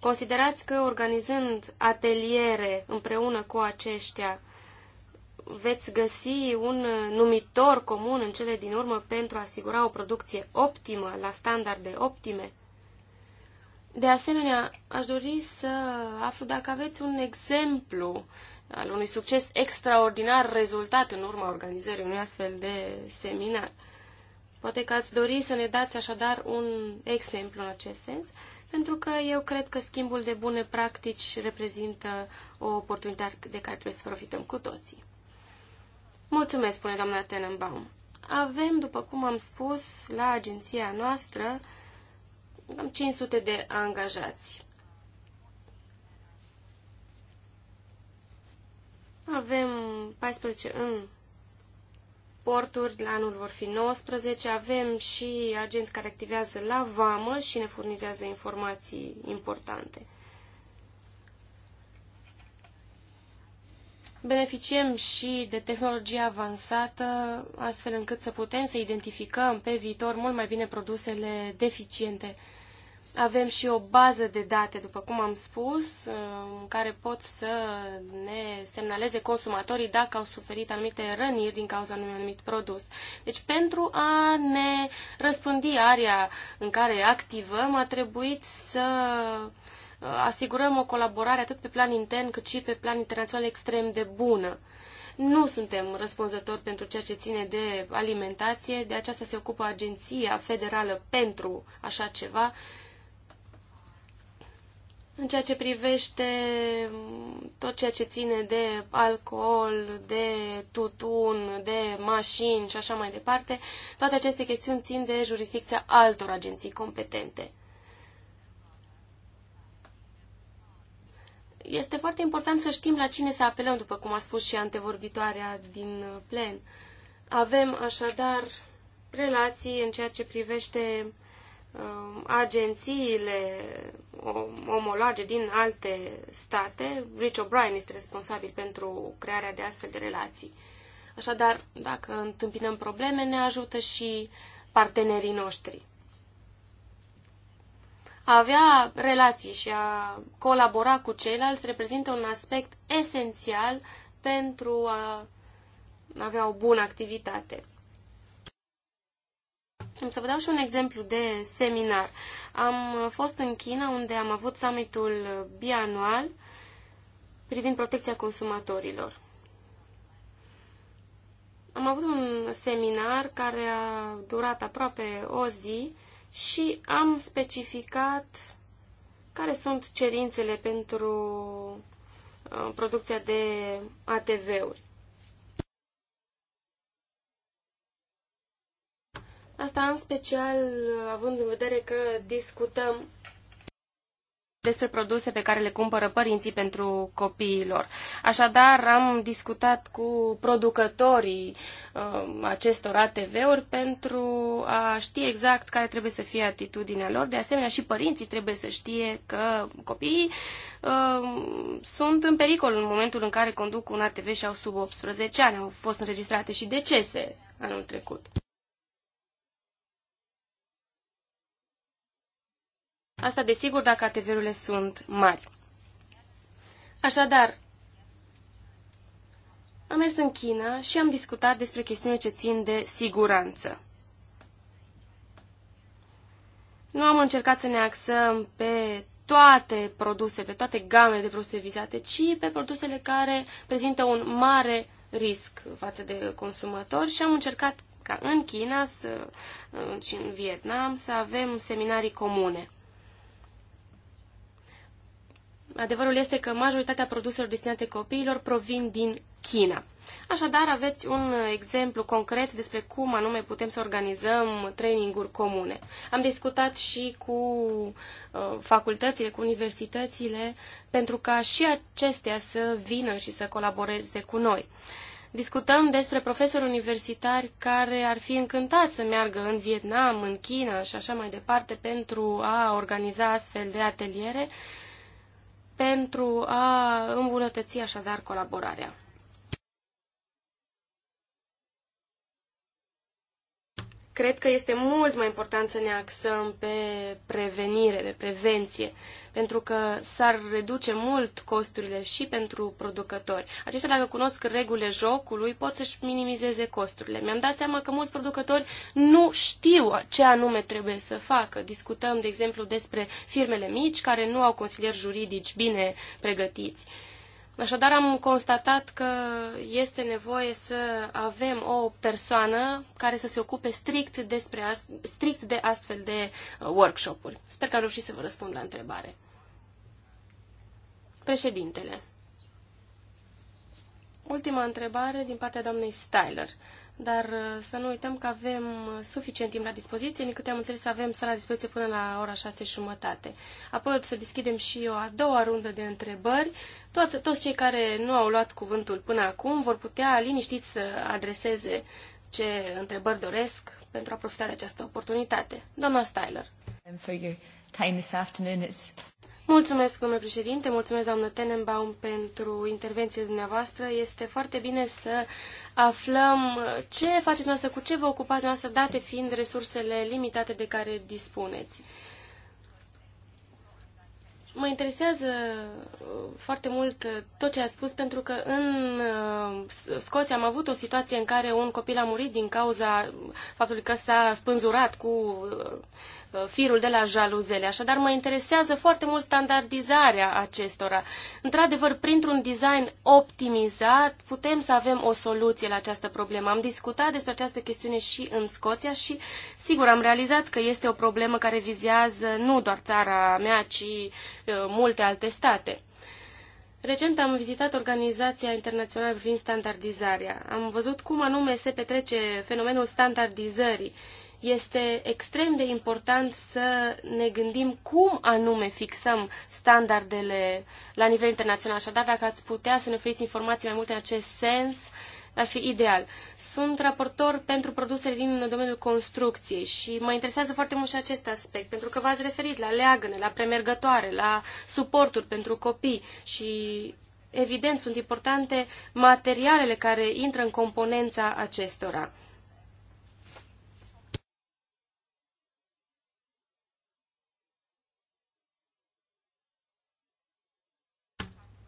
Considerați că organizând ateliere împreună cu aceștia, veți găsi un numitor comun în cele din urmă pentru a asigura o producție optimă, la standarde optime? De asemenea, aș dori să aflu dacă aveți un exemplu al unui succes extraordinar rezultat în urma organizării unui astfel de seminar. Poate că ați dori să ne dați așadar un exemplu în acest sens, pentru că eu cred că schimbul de bune practici reprezintă o oportunitate de care trebuie să profităm cu toții. Mulțumesc, spune doamna Tenenbaum. Avem, după cum am spus, la agenția noastră cinci 500 de angajați. Avem 14 în porturi, la anul vor fi 19, avem și agenți care activează la vamă și ne furnizează informații importante. Beneficiem și de tehnologie avansată, astfel încât să putem să identificăm pe viitor mult mai bine produsele deficiente avem și o bază de date, după cum am spus, uh, în care pot să ne semnaleze consumatorii dacă au suferit anumite răniri din cauza unui anumit produs. Deci, pentru a ne răspândi area în care activăm, a trebuit să uh, asigurăm o colaborare atât pe plan intern cât și pe plan internațional extrem de bună. Nu suntem răspunzători pentru ceea ce ține de alimentație, de aceasta se ocupă Agenția Federală pentru așa ceva în ceea ce privește tot ceea ce ține de alcool, de tutun, de mașini și așa mai departe, toate aceste chestiuni țin de jurisdicția altor agenții competente. Este foarte important să știm la cine să apelăm, după cum a spus și antevorbitoarea din plen. Avem așadar relații în ceea ce privește um, agențiile omologe din alte state. Rich O'Brien este responsabil pentru crearea de astfel de relații. Așadar, dacă întâmpinăm probleme, ne ajută și partenerii noștri. A avea relații și a colabora cu ceilalți reprezintă un aspect esențial pentru a avea o bună activitate timp. Să vă dau și un exemplu de seminar. Am fost în China, unde am avut summitul bianual privind protecția consumatorilor. Am avut un seminar care a durat aproape o zi și am specificat care sunt cerințele pentru uh, producția de ATV-uri. Asta în special uh, având în vedere că discutăm despre produse pe care le cumpără părinții pentru copiilor. Așadar, am discutat cu producătorii uh, acestor ATV-uri pentru a ști exact care trebuie să fie atitudinea lor. De asemenea, și părinții trebuie să știe că copiii uh, sunt în pericol în momentul în care conduc un ATV și au sub 18 ani. Au fost înregistrate și decese anul trecut. Asta desigur dacă ATV-urile sunt mari. Așadar, am mers în China și am discutat despre chestiuni ce țin de siguranță. Nu am încercat să ne axăm pe toate produse, pe toate gamele de produse vizate, ci pe produsele care prezintă un mare risc față de consumatori și am încercat ca în China să, și în Vietnam să avem seminarii comune. Adevărul este că majoritatea produselor destinate copiilor provin din China. Așadar, aveți un exemplu concret despre cum anume putem să organizăm traininguri comune. Am discutat și cu uh, facultățile, cu universitățile, pentru ca și acestea să vină și să colaboreze cu noi. Discutăm despre profesori universitari care ar fi încântați să meargă în Vietnam, în China și așa mai departe pentru a organiza astfel de ateliere pentru a îmbunătăți așadar colaborarea. Cred că este mult mai important să ne axăm pe prevenire, pe prevenție, pentru că s-ar reduce mult costurile și pentru producători. Aceștia, dacă cunosc regulile jocului, pot să-și minimizeze costurile. Mi-am dat seama că mulți producători nu știu ce anume trebuie să facă. Discutăm, de exemplu, despre firmele mici care nu au consilieri juridici bine pregătiți Așadar, am constatat că este nevoie să avem o persoană care să se ocupe strict, despre, strict de astfel de uh, workshop-uri. Sper că am reușit să vă răspund la întrebare. Președintele. Ultima întrebare din partea doamnei Styler dar uh, să nu uităm că avem uh, suficient timp la dispoziție, din câte am înțeles avem sala la dispoziție până la ora șase jumătate. Apoi o să deschidem și o a doua rundă de întrebări. Toți, toți cei care nu au luat cuvântul până acum vor putea liniștiți să adreseze ce întrebări doresc pentru a profita de această oportunitate. Doamna Styler. Mulțumesc, domnule președinte, mulțumesc, doamnă Tenenbaum, pentru intervenția dumneavoastră. Este foarte bine să aflăm ce faceți noastră, cu ce vă ocupați noastră, date fiind resursele limitate de care dispuneți. Mă interesează uh, foarte mult uh, tot ce a spus, pentru că în uh, Scoția am avut o situație în care un copil a murit din cauza faptului că s-a spânzurat cu Uh, firul de la jaluzele. Așadar, mă interesează foarte mult standardizarea acestora. Într-adevăr, printr-un design optimizat, putem să avem o soluție la această problemă. Am discutat despre această chestiune și în Scoția și, sigur, am realizat că este o problemă care vizează nu doar țara mea, ci uh, multe alte state. Recent am vizitat Organizația Internațională privind standardizarea. Am văzut cum anume se petrece fenomenul standardizării. Uh, este extrem de important să ne gândim cum anume fixăm standardele la nivel internațional. Așadar, dacă ați putea să ne oferiți informații mai multe în acest sens, ar fi ideal. Sunt raportor pentru produsele din domeniul construcției și mă interesează foarte mult și acest aspect, pentru că v-ați referit la leagăne, la premergătoare, la suporturi pentru copii și evident sunt importante materialele care intră în componența acestora.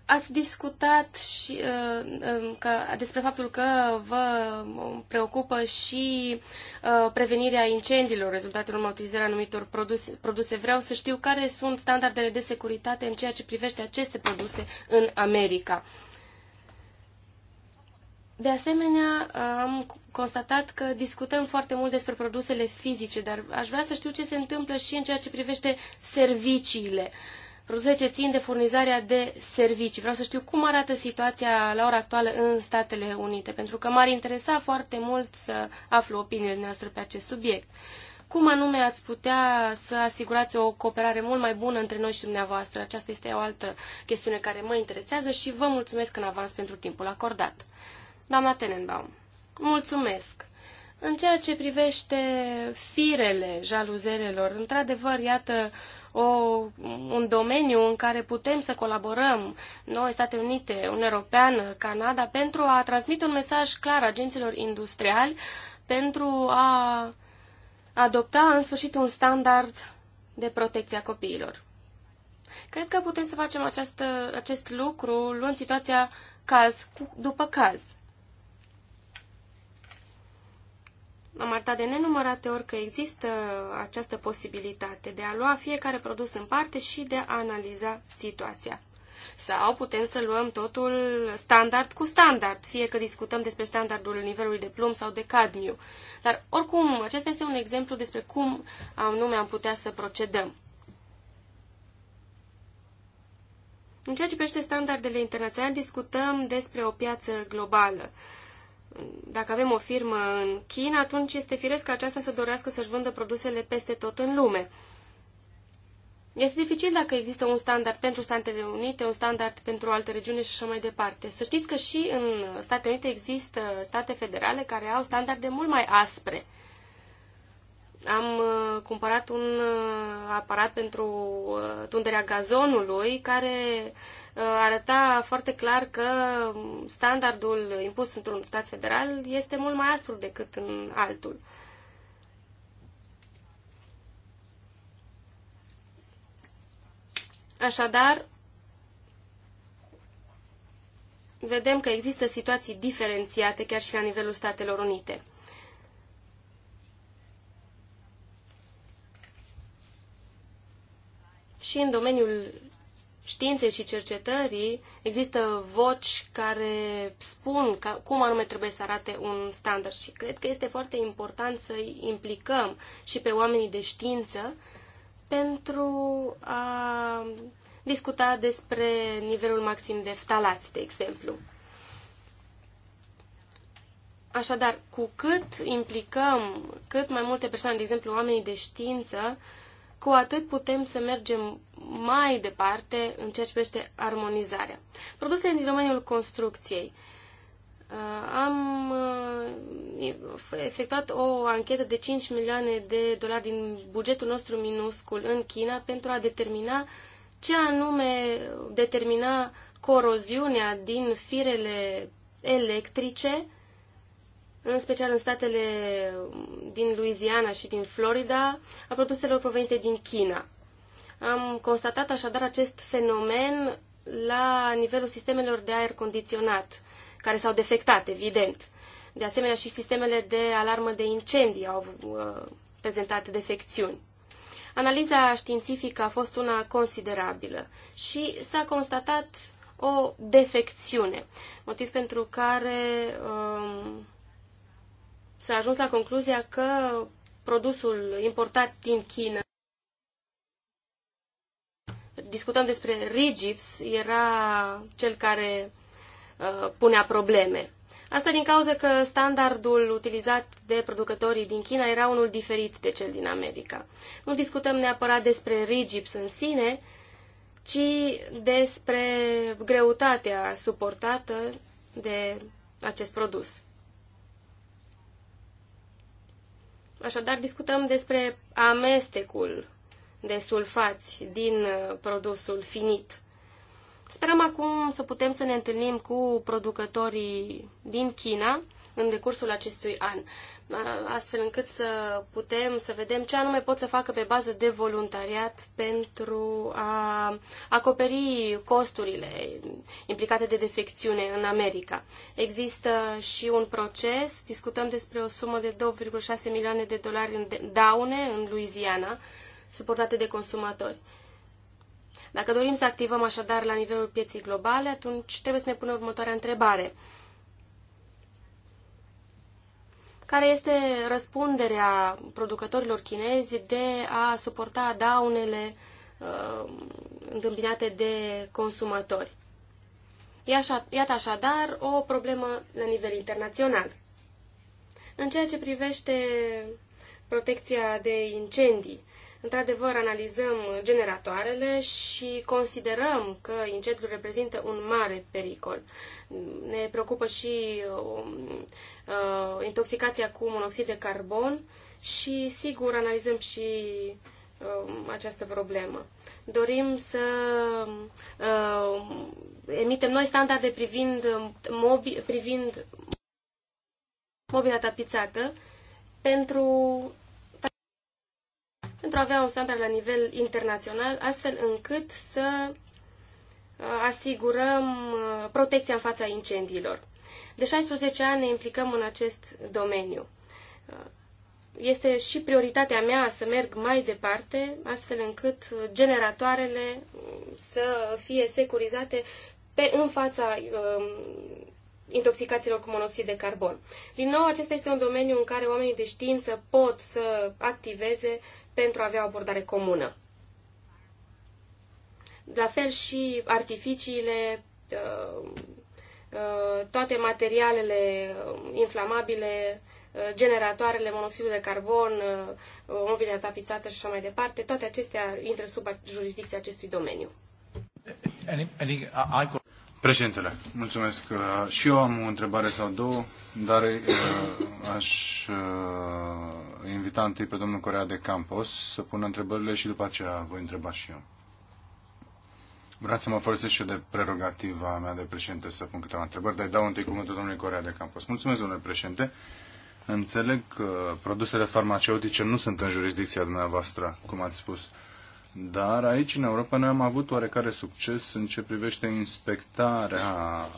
Ați discutat și, uh, um, că, despre faptul că vă preocupă și uh, prevenirea incendiilor, rezultatul în utilizării anumitor produse, produse. Vreau să știu care sunt standardele de securitate în ceea ce privește aceste produse în America. De asemenea, am constatat că discutăm foarte mult despre produsele fizice, dar aș vrea să știu ce se întâmplă și în ceea ce privește serviciile. Uh, vreo 10 țin de furnizarea de servicii. Vreau să știu cum arată situația la ora actuală în Statele Unite, pentru că m-ar interesa foarte mult să aflu opiniile noastre pe acest subiect. Cum anume ați putea să asigurați o cooperare mult mai bună între noi și dumneavoastră? Aceasta este o altă chestiune care mă interesează și vă mulțumesc în avans pentru timpul acordat. Doamna Tenenbaum, mulțumesc! În ceea ce privește firele jaluzelelor, într-adevăr, iată, uh, o, un domeniu în care putem să colaborăm noi, Statele Unite, Uniunea Europeană, Canada, pentru a transmite un mesaj clar agenților industriali, pentru a adopta în sfârșit un standard de protecție a copiilor. Cred că putem să facem această, acest lucru luând situația caz cu, după caz. Am arătat de nenumărate ori că există această posibilitate de a lua fiecare produs în parte și de a analiza situația. Sau putem să luăm totul standard cu standard, fie că discutăm despre standardul nivelului de plumb sau de cadmiu. Dar, oricum, acesta este un exemplu despre cum anume am putea să procedăm. În ceea ce privește standardele internaționale, discutăm despre o piață globală dacă avem o firmă în China, atunci este firesc ca aceasta să dorească să-și vândă produsele peste tot în lume. Este dificil dacă există un standard pentru Statele Unite, un standard pentru alte regiuni și așa mai departe. Să știți că și în Statele Unite există state federale care au standarde mult mai aspre. Am uh, cumpărat un uh, aparat pentru uh, tunderea gazonului care Uh, arăta foarte clar că standardul impus într-un stat federal este mult mai aspru decât în altul. Așadar, vedem că există situații diferențiate chiar și la nivelul Statelor Unite. Și în domeniul științei și cercetării există voci care spun ca, cum anume trebuie să arate un standard și cred că este foarte important să îi implicăm și pe oamenii de știință pentru a discuta despre nivelul maxim de ftalați, de exemplu. Așadar, cu cât implicăm cât mai multe persoane, de exemplu oamenii de știință, cu atât putem să mergem mai departe în ceea ce privește armonizarea. Produsele din domeniul construcției. Uh, am uh, efectuat o anchetă de 5 milioane de dolari din bugetul nostru minuscul în China pentru a determina ce anume determina coroziunea din firele electrice, în special în statele din Louisiana și din Florida, a produselor provenite din China. Am constatat așadar acest fenomen la nivelul sistemelor de aer condiționat, care s-au defectat, evident. De asemenea, și sistemele de alarmă de incendii au uh, prezentat defecțiuni. Analiza științifică a fost una considerabilă și s-a constatat o defecțiune, motiv pentru care um, s-a ajuns la concluzia că produsul importat din China discutăm despre Regips, era cel care uh, punea probleme. Asta din cauza că standardul utilizat de producătorii din China era unul diferit de cel din America. Nu discutăm neapărat despre Regips în sine, ci despre greutatea suportată de acest produs. Așadar, discutăm despre amestecul de sulfați din uh, produsul finit. Sperăm acum să putem să ne întâlnim cu producătorii din China în decursul acestui an, uh, astfel încât să putem să vedem ce anume pot să facă pe bază de voluntariat pentru a acoperi costurile implicate de defecțiune în America. Există și un proces, discutăm despre o sumă de 2,6 milioane de dolari în daune în Louisiana, suportate de consumatori. Dacă dorim să activăm așadar la nivelul pieții globale, atunci trebuie să ne punem următoarea întrebare. Care este răspunderea producătorilor chinezi de a suporta daunele uh, întâmpinate de consumatori? Iată așadar o problemă la nivel internațional. În ceea ce privește protecția de incendii, Într-adevăr, analizăm generatoarele și considerăm că incendiul reprezintă un mare pericol. Ne preocupă și um, uh, intoxicația cu monoxid de carbon și, sigur, analizăm și uh, această problemă. Dorim să uh, emitem noi standarde privind, mobi, privind mobila tapizată pentru pentru a avea un standard la nivel internațional, astfel încât să uh, asigurăm uh, protecția în fața incendiilor. De 16 ani ne implicăm în acest domeniu. Uh, este și prioritatea mea să merg mai departe, astfel încât generatoarele să fie securizate pe, în fața um, intoxicațiilor cu monoxid de carbon. Din nou, acesta este un domeniu în care oamenii de știință pot să activeze pentru a avea o abordare comună. La fel și artificiile, uh, uh, toate materialele uh, inflamabile, generatoarele, monoxidul de carbon, mobilia tapizată și așa mai departe, toate acestea intră sub jurisdicția acestui domeniu. Președintele, mulțumesc. Uh, și eu am o întrebare sau două, dar uh, aș uh, invita întâi pe domnul Corea de Campos să pună întrebările și după aceea voi întreba și eu. Vreau să mă folosesc și eu de prerogativa mea de președinte să pun câteva întrebări, dar dau întâi cuvântul domnului Corea de Campos. Mulțumesc, domnule președinte. Înțeleg că produsele farmaceutice nu sunt în jurisdicția dumneavoastră, cum ați spus. Dar aici, în Europa, noi am avut oarecare succes în ce privește inspectarea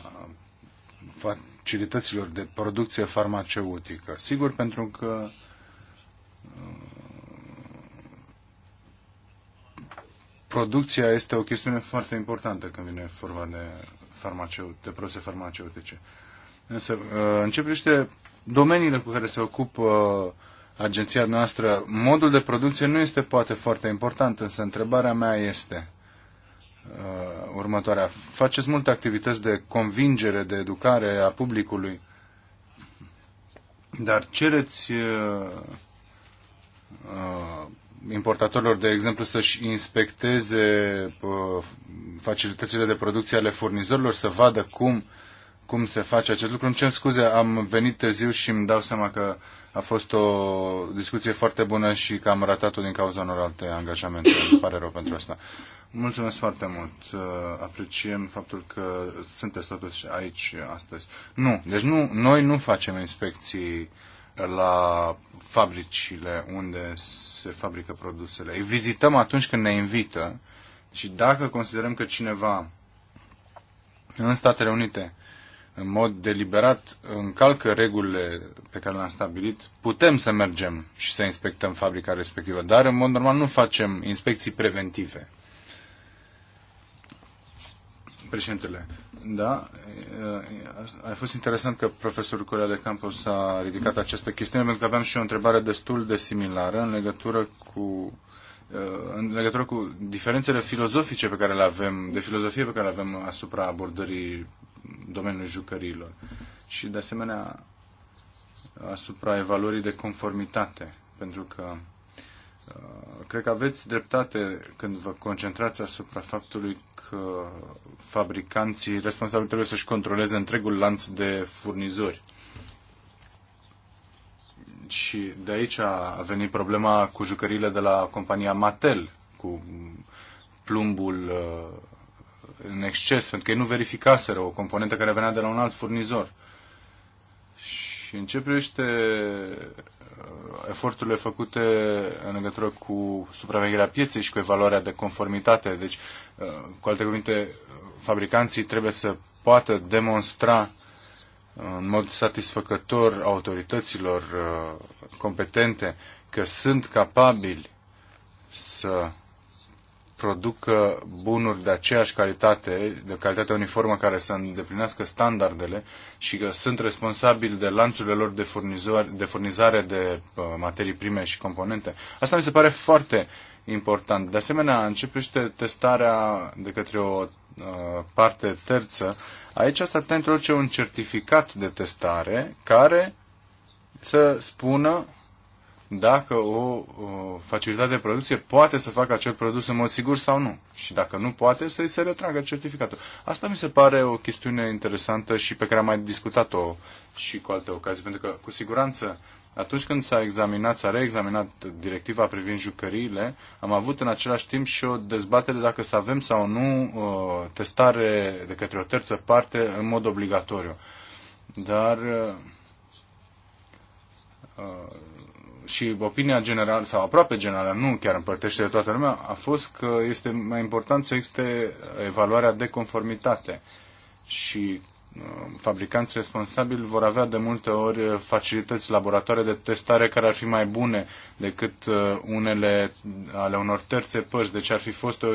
facilităților de producție farmaceutică. Sigur, pentru că uh, producția este o chestiune foarte importantă când vine vorba de, farmaceut, de produse farmaceutice. Însă, uh, privește domeniile cu care se ocupă agenția noastră, modul de producție nu este poate foarte important, însă întrebarea mea este uh, următoarea. Faceți multe activități de convingere, de educare a publicului, dar cereți uh, uh, importatorilor, de exemplu, să-și inspecteze uh, facilitățile de producție ale furnizorilor, să vadă cum, cum se face acest lucru. Îmi cer scuze, am venit târziu și îmi dau seama că uh, a fost o discuție foarte bună și că am ratat-o din cauza unor alte angajamente. Îmi pare rău pentru asta. Mulțumesc foarte mult. Uh, apreciem faptul că sunteți totuși aici astăzi. Nu, deci nu, noi nu facem inspecții la fabricile unde se fabrică produsele. Îi vizităm atunci când ne invită și dacă considerăm că cineva în Statele Unite în mod deliberat încalcă regulile pe care le-am stabilit, putem să mergem și să inspectăm fabrica respectivă, dar în mod normal nu facem inspecții preventive. Președintele, da, a fost interesant că profesorul Corea de Campos a ridicat această chestiune, pentru că aveam și o întrebare destul de similară în legătură cu în legătură cu diferențele filozofice pe care le avem, de filozofie pe care le avem asupra abordării domeniul jucăriilor și, de asemenea, asupra evaluării de conformitate, pentru că uh, cred că aveți dreptate când vă concentrați asupra faptului că fabricanții responsabili trebuie să-și controleze întregul lanț de furnizori. Și de aici a venit problema cu jucăriile de la compania Mattel, cu plumbul uh, în exces, pentru că ei nu verificaseră o componentă care venea de la un alt furnizor. Și în ce privește uh, eforturile făcute în legătură cu supravegherea pieței și cu evaluarea de conformitate. Deci, uh, cu alte cuvinte, fabricanții trebuie să poată demonstra uh, în mod satisfăcător autorităților competente că sunt capabili să producă bunuri de aceeași calitate, de calitate uniformă care să îndeplinească standardele și că sunt responsabili de lanțurile lor de, furnizare, de furnizare de uh, materii prime și componente. Asta mi se pare foarte important. De asemenea, începește testarea de către o uh, parte terță. Aici s-ar putea introduce un certificat de testare care să spună dacă o facilitate de producție poate să facă acel produs în mod sigur sau nu. Și dacă nu poate, să-i se retragă certificatul. Asta mi se pare o chestiune interesantă și pe care am mai discutat-o și cu alte ocazii, pentru că, cu siguranță, atunci când s-a examinat, s-a reexaminat directiva privind jucăriile, am avut în același timp și o dezbatere dacă să avem sau nu uh, testare de către o terță parte în mod obligatoriu. Dar uh, uh, și opinia generală, sau aproape generală, nu chiar împărtește de toată lumea, a fost că este mai important să existe evaluarea de conformitate. Și uh, fabricanți responsabili vor avea de multe ori facilități, laboratoare de testare care ar fi mai bune decât uh, unele ale unor terțe părți. Deci ar fi fost o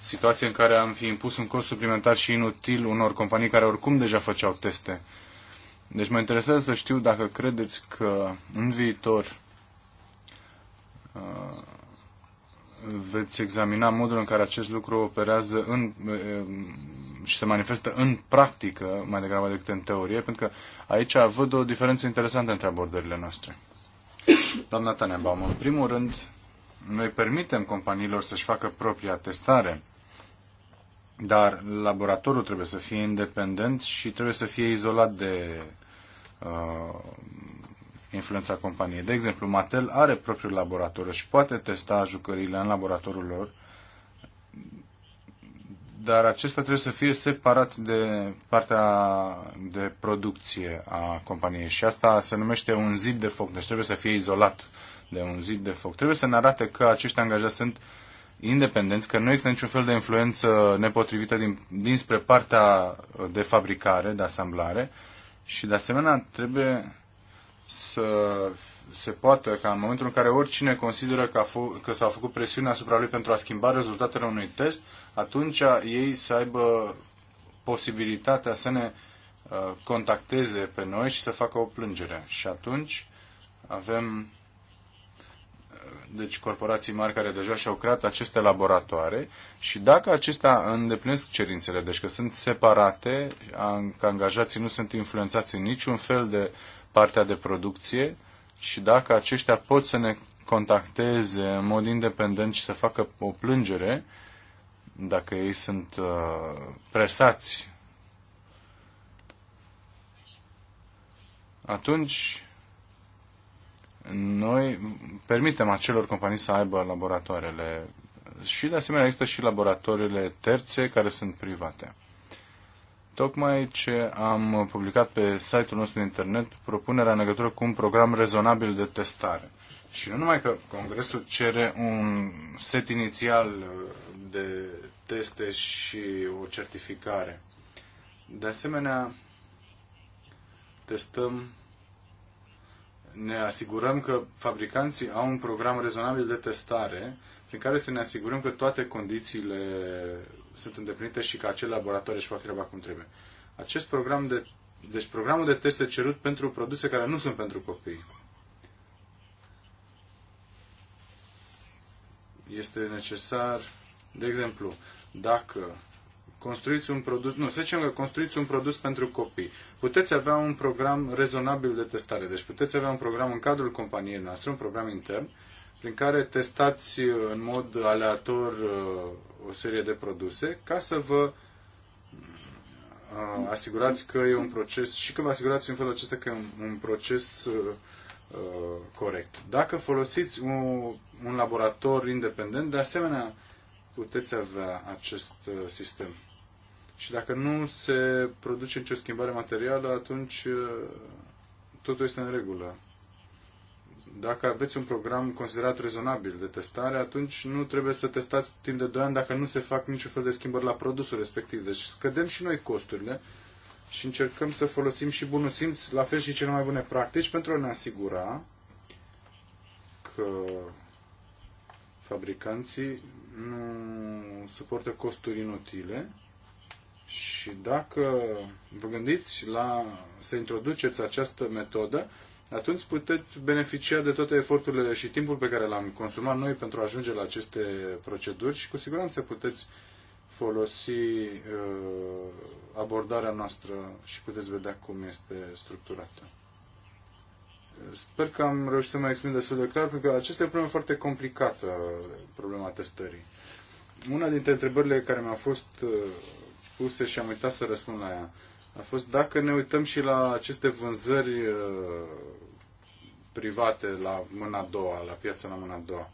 situație în care am fi impus un cost suplimentar și inutil unor companii care oricum deja făceau teste. Deci mă interesează să știu dacă credeți că în viitor Uh, veți examina modul în care acest lucru operează în, uh, și se manifestă în practică mai degrabă decât în teorie, pentru că aici văd o diferență interesantă între abordările noastre. Doamna Tanebaum, în primul rând, noi permitem companiilor să-și facă propria testare, dar laboratorul trebuie să fie independent și trebuie să fie izolat de uh, influența companiei. De exemplu, Mattel are propriul laborator și poate testa jucările în laboratorul lor, dar acesta trebuie să fie separat de partea de producție a companiei și asta se numește un zid de foc, deci trebuie să fie izolat de un zid de foc. Trebuie să ne arate că acești angajați sunt independenți, că nu există niciun fel de influență nepotrivită din, dinspre partea de fabricare, de asamblare și de asemenea trebuie să se poată ca în momentul în care oricine consideră că, a f- că s-a făcut presiune asupra lui pentru a schimba rezultatele unui test, atunci ei să aibă posibilitatea să ne uh, contacteze pe noi și să facă o plângere. Și atunci avem uh, deci corporații mari care deja și-au creat aceste laboratoare și dacă acestea îndeplinesc cerințele, deci că sunt separate, că angajații nu sunt influențați în niciun fel de partea de producție și dacă aceștia pot să ne contacteze în mod independent și să facă o plângere, dacă ei sunt uh, presați, atunci noi permitem acelor companii să aibă laboratoarele și de asemenea există și laboratoarele terțe care sunt private. Tocmai ce am publicat pe site-ul nostru de internet propunerea în legătură cu un program rezonabil de testare. Și nu numai că Congresul cere un set inițial uh, de teste și o certificare. De asemenea, testăm, ne asigurăm că fabricanții au un program rezonabil de testare prin care să ne asigurăm că toate condițiile sunt îndeplinite și că acele laboratoare își fac treaba cum trebuie. Acest program de, deci programul de teste cerut pentru produse care nu sunt pentru copii. Este necesar, de exemplu, dacă construiți un produs, nu, să zicem că construiți un produs pentru copii. Puteți avea un program rezonabil de testare, deci puteți avea un program în cadrul companiei noastre, un program intern, prin care testați în mod aleator uh, o serie de produse ca să vă uh, asigurați că e un proces și că vă asigurați în felul acesta că e un, proces uh, corect. Dacă folosiți un, un laborator independent, de asemenea puteți avea acest sistem. Și dacă nu se produce nicio schimbare materială, atunci totul este în regulă. Dacă aveți un program considerat rezonabil de testare, atunci nu trebuie să testați timp de 2 ani dacă nu se fac niciun fel de schimbări la produsul respectiv. Deci scădem și noi costurile și încercăm să folosim și bunul simț, la fel și cele mai bune practici, pentru a ne asigura că fabricanții nu suportă costuri inutile și dacă vă gândiți la să introduceți această metodă, atunci puteți beneficia de toate eforturile și timpul pe care l-am consumat noi pentru a ajunge la aceste proceduri și cu siguranță puteți folosi uh, abordarea noastră și puteți vedea cum este structurată. Sper că am reușit să mă exprim destul de clar, pentru că acesta e o problemă foarte complicată, problema testării. Una dintre întrebările care mi-au fost uh, puse și am uitat să răspund la ea a fost dacă ne uităm și la aceste vânzări uh, private la mâna a doua, la piața la mâna a doua.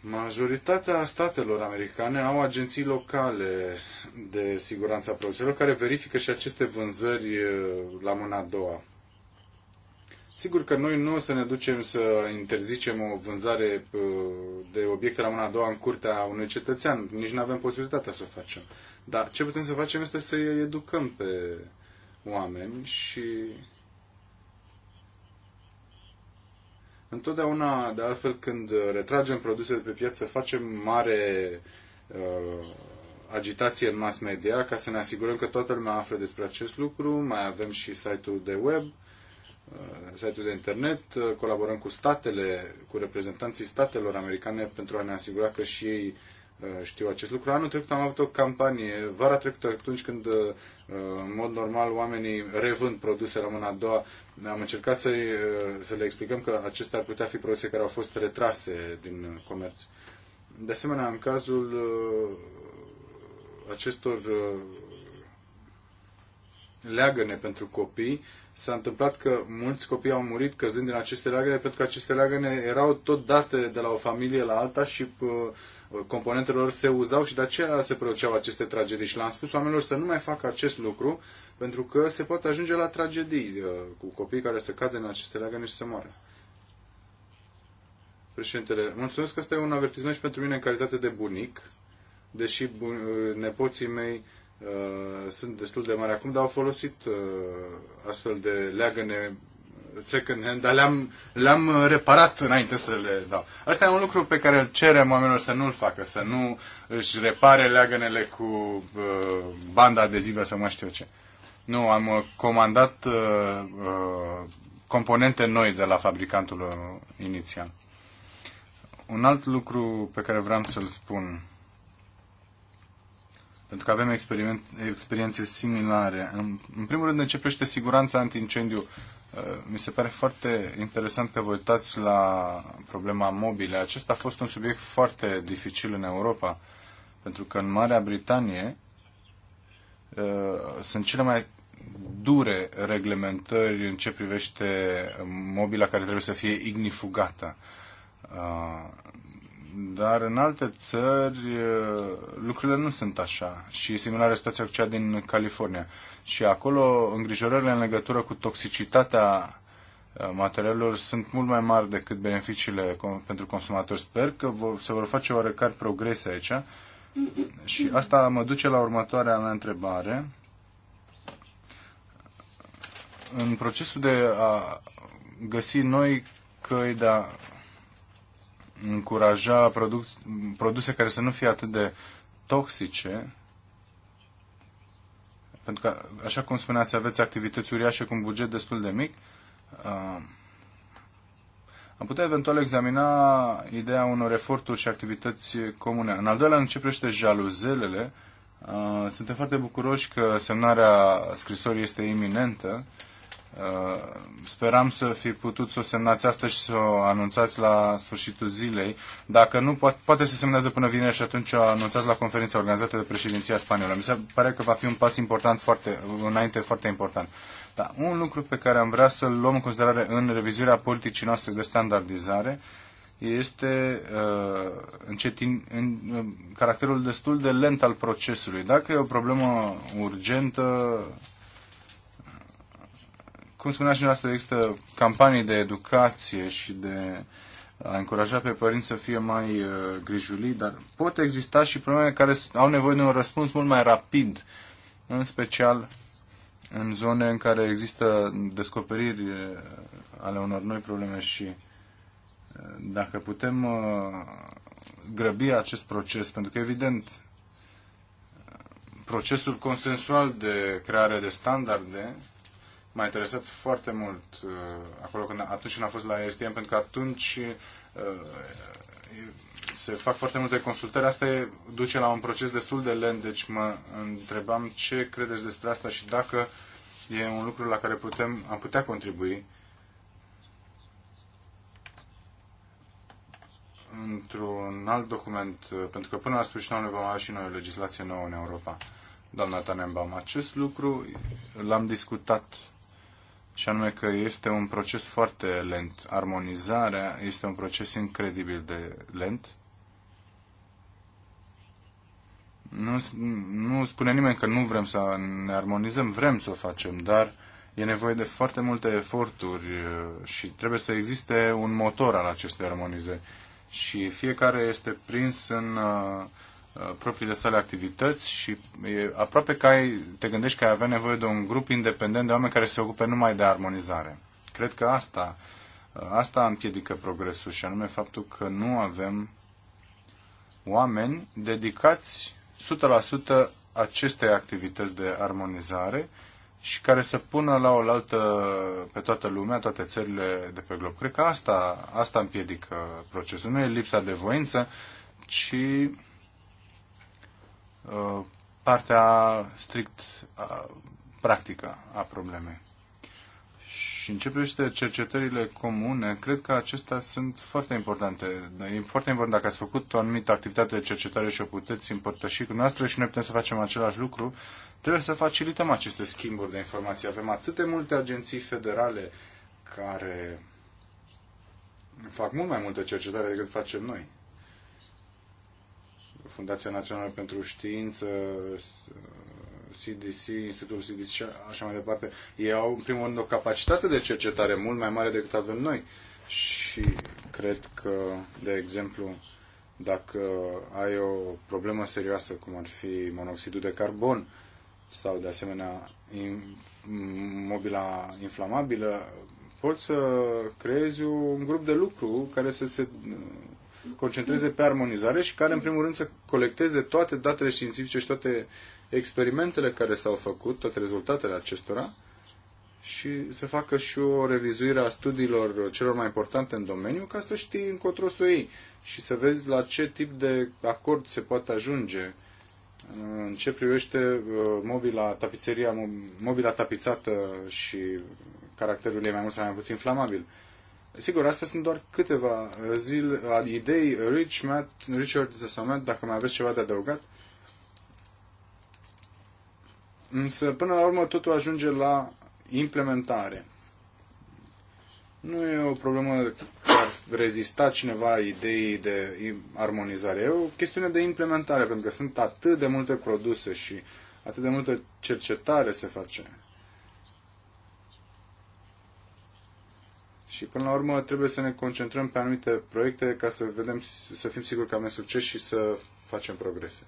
Majoritatea statelor americane au agenții locale de siguranță a produselor care verifică și aceste vânzări uh, la mâna a doua. Sigur că noi nu o să ne ducem să interzicem o vânzare uh, de obiecte la mâna a doua în curtea unui cetățean, nici nu avem posibilitatea să o facem. Dar ce putem să facem este să îi educăm pe oameni și întotdeauna, de altfel, când retragem produse de pe piață, facem mare uh, agitație în mass media ca să ne asigurăm că toată lumea află despre acest lucru. Mai avem și site-ul de web, uh, site-ul de internet, uh, colaborăm cu statele, cu reprezentanții statelor americane pentru a ne asigura că și ei Eh, știu acest lucru. Anul trecut am avut o campanie, vara trecută, atunci când eh, în mod normal oamenii revând produse la mâna a doua, am încercat să, eh, să le explicăm că acestea ar putea fi produse care au fost retrase din comerț. De asemenea, în cazul acestor leagăne pentru copii, s-a întâmplat că mulți copii au murit căzând din aceste leagăne pentru că aceste leagăne erau tot date de la o familie la alta și componentelor se uzdau și de aceea se produceau aceste tragedii. Și l-am spus oamenilor să nu mai facă acest lucru, pentru că se poate ajunge la tragedii uh, cu copii care se cade în aceste leagăne și se moară. Președintele, mulțumesc că este e un avertisment și pentru mine în calitate de bunic, deși uh, nepoții mei uh, sunt destul de mari acum, dar au folosit uh, astfel de leagăne second hand, dar le-am, le-am uh, reparat înainte să le dau. Asta e un lucru pe care îl cerem oamenilor să nu-l facă, să nu își repare leagănele cu uh, banda adezivă sau mai știu ce. Nu, am uh, comandat uh, uh, componente noi de la fabricantul uh, inițial. Un alt lucru pe care vreau să-l spun, pentru că avem experiențe similare. În, în primul rând, începește siguranța antincendiu Uh, mi se pare foarte interesant că vă uitați la problema mobile. Acesta a fost un subiect foarte dificil în Europa, pentru că în Marea Britanie uh, sunt cele mai dure reglementări în ce privește mobila care trebuie să fie ignifugată. Uh, dar în alte țări lucrurile nu sunt așa și e similară situația cu cea din California. Și acolo îngrijorările în legătură cu toxicitatea materialelor sunt mult mai mari decât beneficiile pentru consumatori. Sper că se vor face oarecare progrese aici. Și asta mă duce la următoarea mea întrebare. În procesul de a găsi noi căi de a încuraja produc produse care să nu fie atât de toxice, pentru că, așa cum spuneați, aveți activități uriașe cu un buget destul de mic, uh, am putea eventual examina ideea unor eforturi și activități comune. În al doilea, în ce privește jaluzelele, uh, suntem foarte bucuroși că semnarea scrisorii este iminentă Uh, speram să fi putut să o semnați astăzi și să o anunțați la sfârșitul zilei. Dacă nu, poate, se semnează până vineri și atunci o anunțați la conferința organizată de președinția spaniolă. Mi se pare că va fi un pas important foarte, înainte foarte important. Dar un lucru pe care am vrea să-l luăm în considerare în revizuirea politicii noastre de standardizare este uh, cetin, în, uh, caracterul destul de lent al procesului. Dacă e o problemă urgentă, cum spunea și noastră, există campanii de educație și de a încuraja pe părinți să fie mai uh, grijuli, dar pot exista și probleme care au nevoie de un răspuns mult mai rapid, în special în zone în care există descoperiri uh, ale unor noi probleme și uh, dacă putem uh, grăbi acest proces, pentru că evident procesul consensual de creare de standarde m-a interesat foarte mult uh, acolo când, atunci când am fost la STM, pentru că atunci uh, se fac foarte multe consultări. Asta e, duce la un proces destul de lent, deci mă întrebam ce credeți despre asta și dacă e un lucru la care putem, am putea contribui într-un alt document, uh, pentru că până la sfârșitul anului vom avea și noi o legislație nouă în Europa. Doamna Tanembam, acest lucru l-am discutat și anume că este un proces foarte lent. Armonizarea este un proces incredibil de lent. Nu, nu spune nimeni că nu vrem să ne armonizăm, vrem să o facem, dar e nevoie de foarte multe eforturi uh, și trebuie să existe un motor al acestei armonizări. Și fiecare este prins în uh, Uh, propriile sale activități și e aproape că ai, te gândești că ai avea nevoie de un grup independent de oameni care se ocupe numai de armonizare. Cred că asta, uh, asta împiedică progresul și anume faptul că nu avem oameni dedicați 100% acestei activități de armonizare și care să pună la oaltă pe toată lumea, toate țările de pe glob. Cred că asta, asta împiedică procesul. Nu e lipsa de voință, ci Uh, partea strict uh, practică a problemei. Și în ce privește cercetările comune, cred că acestea sunt foarte importante. Da, e foarte important dacă ați făcut o anumită activitate de cercetare și o puteți împărtăși cu noastră și noi putem să facem același lucru, trebuie să facilităm aceste schimburi de informații. Avem atât de multe agenții federale care fac mult mai multe cercetare decât facem noi. Fundația Națională pentru Știință, CDC, Institutul CDC și așa mai departe, ei au, în primul rând, o capacitate de cercetare mult mai mare decât avem noi. Și cred că, de exemplu, dacă ai o problemă serioasă, cum ar fi monoxidul de carbon sau, de asemenea, mobila inflamabilă, poți să creezi un grup de lucru care să se concentreze pe armonizare și care, în primul rând, să colecteze toate datele științifice și toate experimentele care s-au făcut, toate rezultatele acestora și să facă și o revizuire a studiilor celor mai importante în domeniu ca să știi încotro să iei și să vezi la ce tip de acord se poate ajunge uh, în ce privește uh, mobila, tapiseria, mobila tapițată și caracterul ei mai mult sau mai puțin flamabil. Sigur, astea sunt doar câteva uh, zile, uh, idei. Rich, Matt, Richard sau Matt, dacă mai aveți ceva de adăugat. Însă, până la urmă, totul ajunge la implementare. Nu e o problemă că ar rezista cineva ideii de armonizare. E o chestiune de implementare, pentru că sunt atât de multe produse și atât de multă cercetare se face. Și până la urmă trebuie să ne concentrăm pe anumite proiecte ca să vedem, să fim siguri că avem succes și să facem progrese.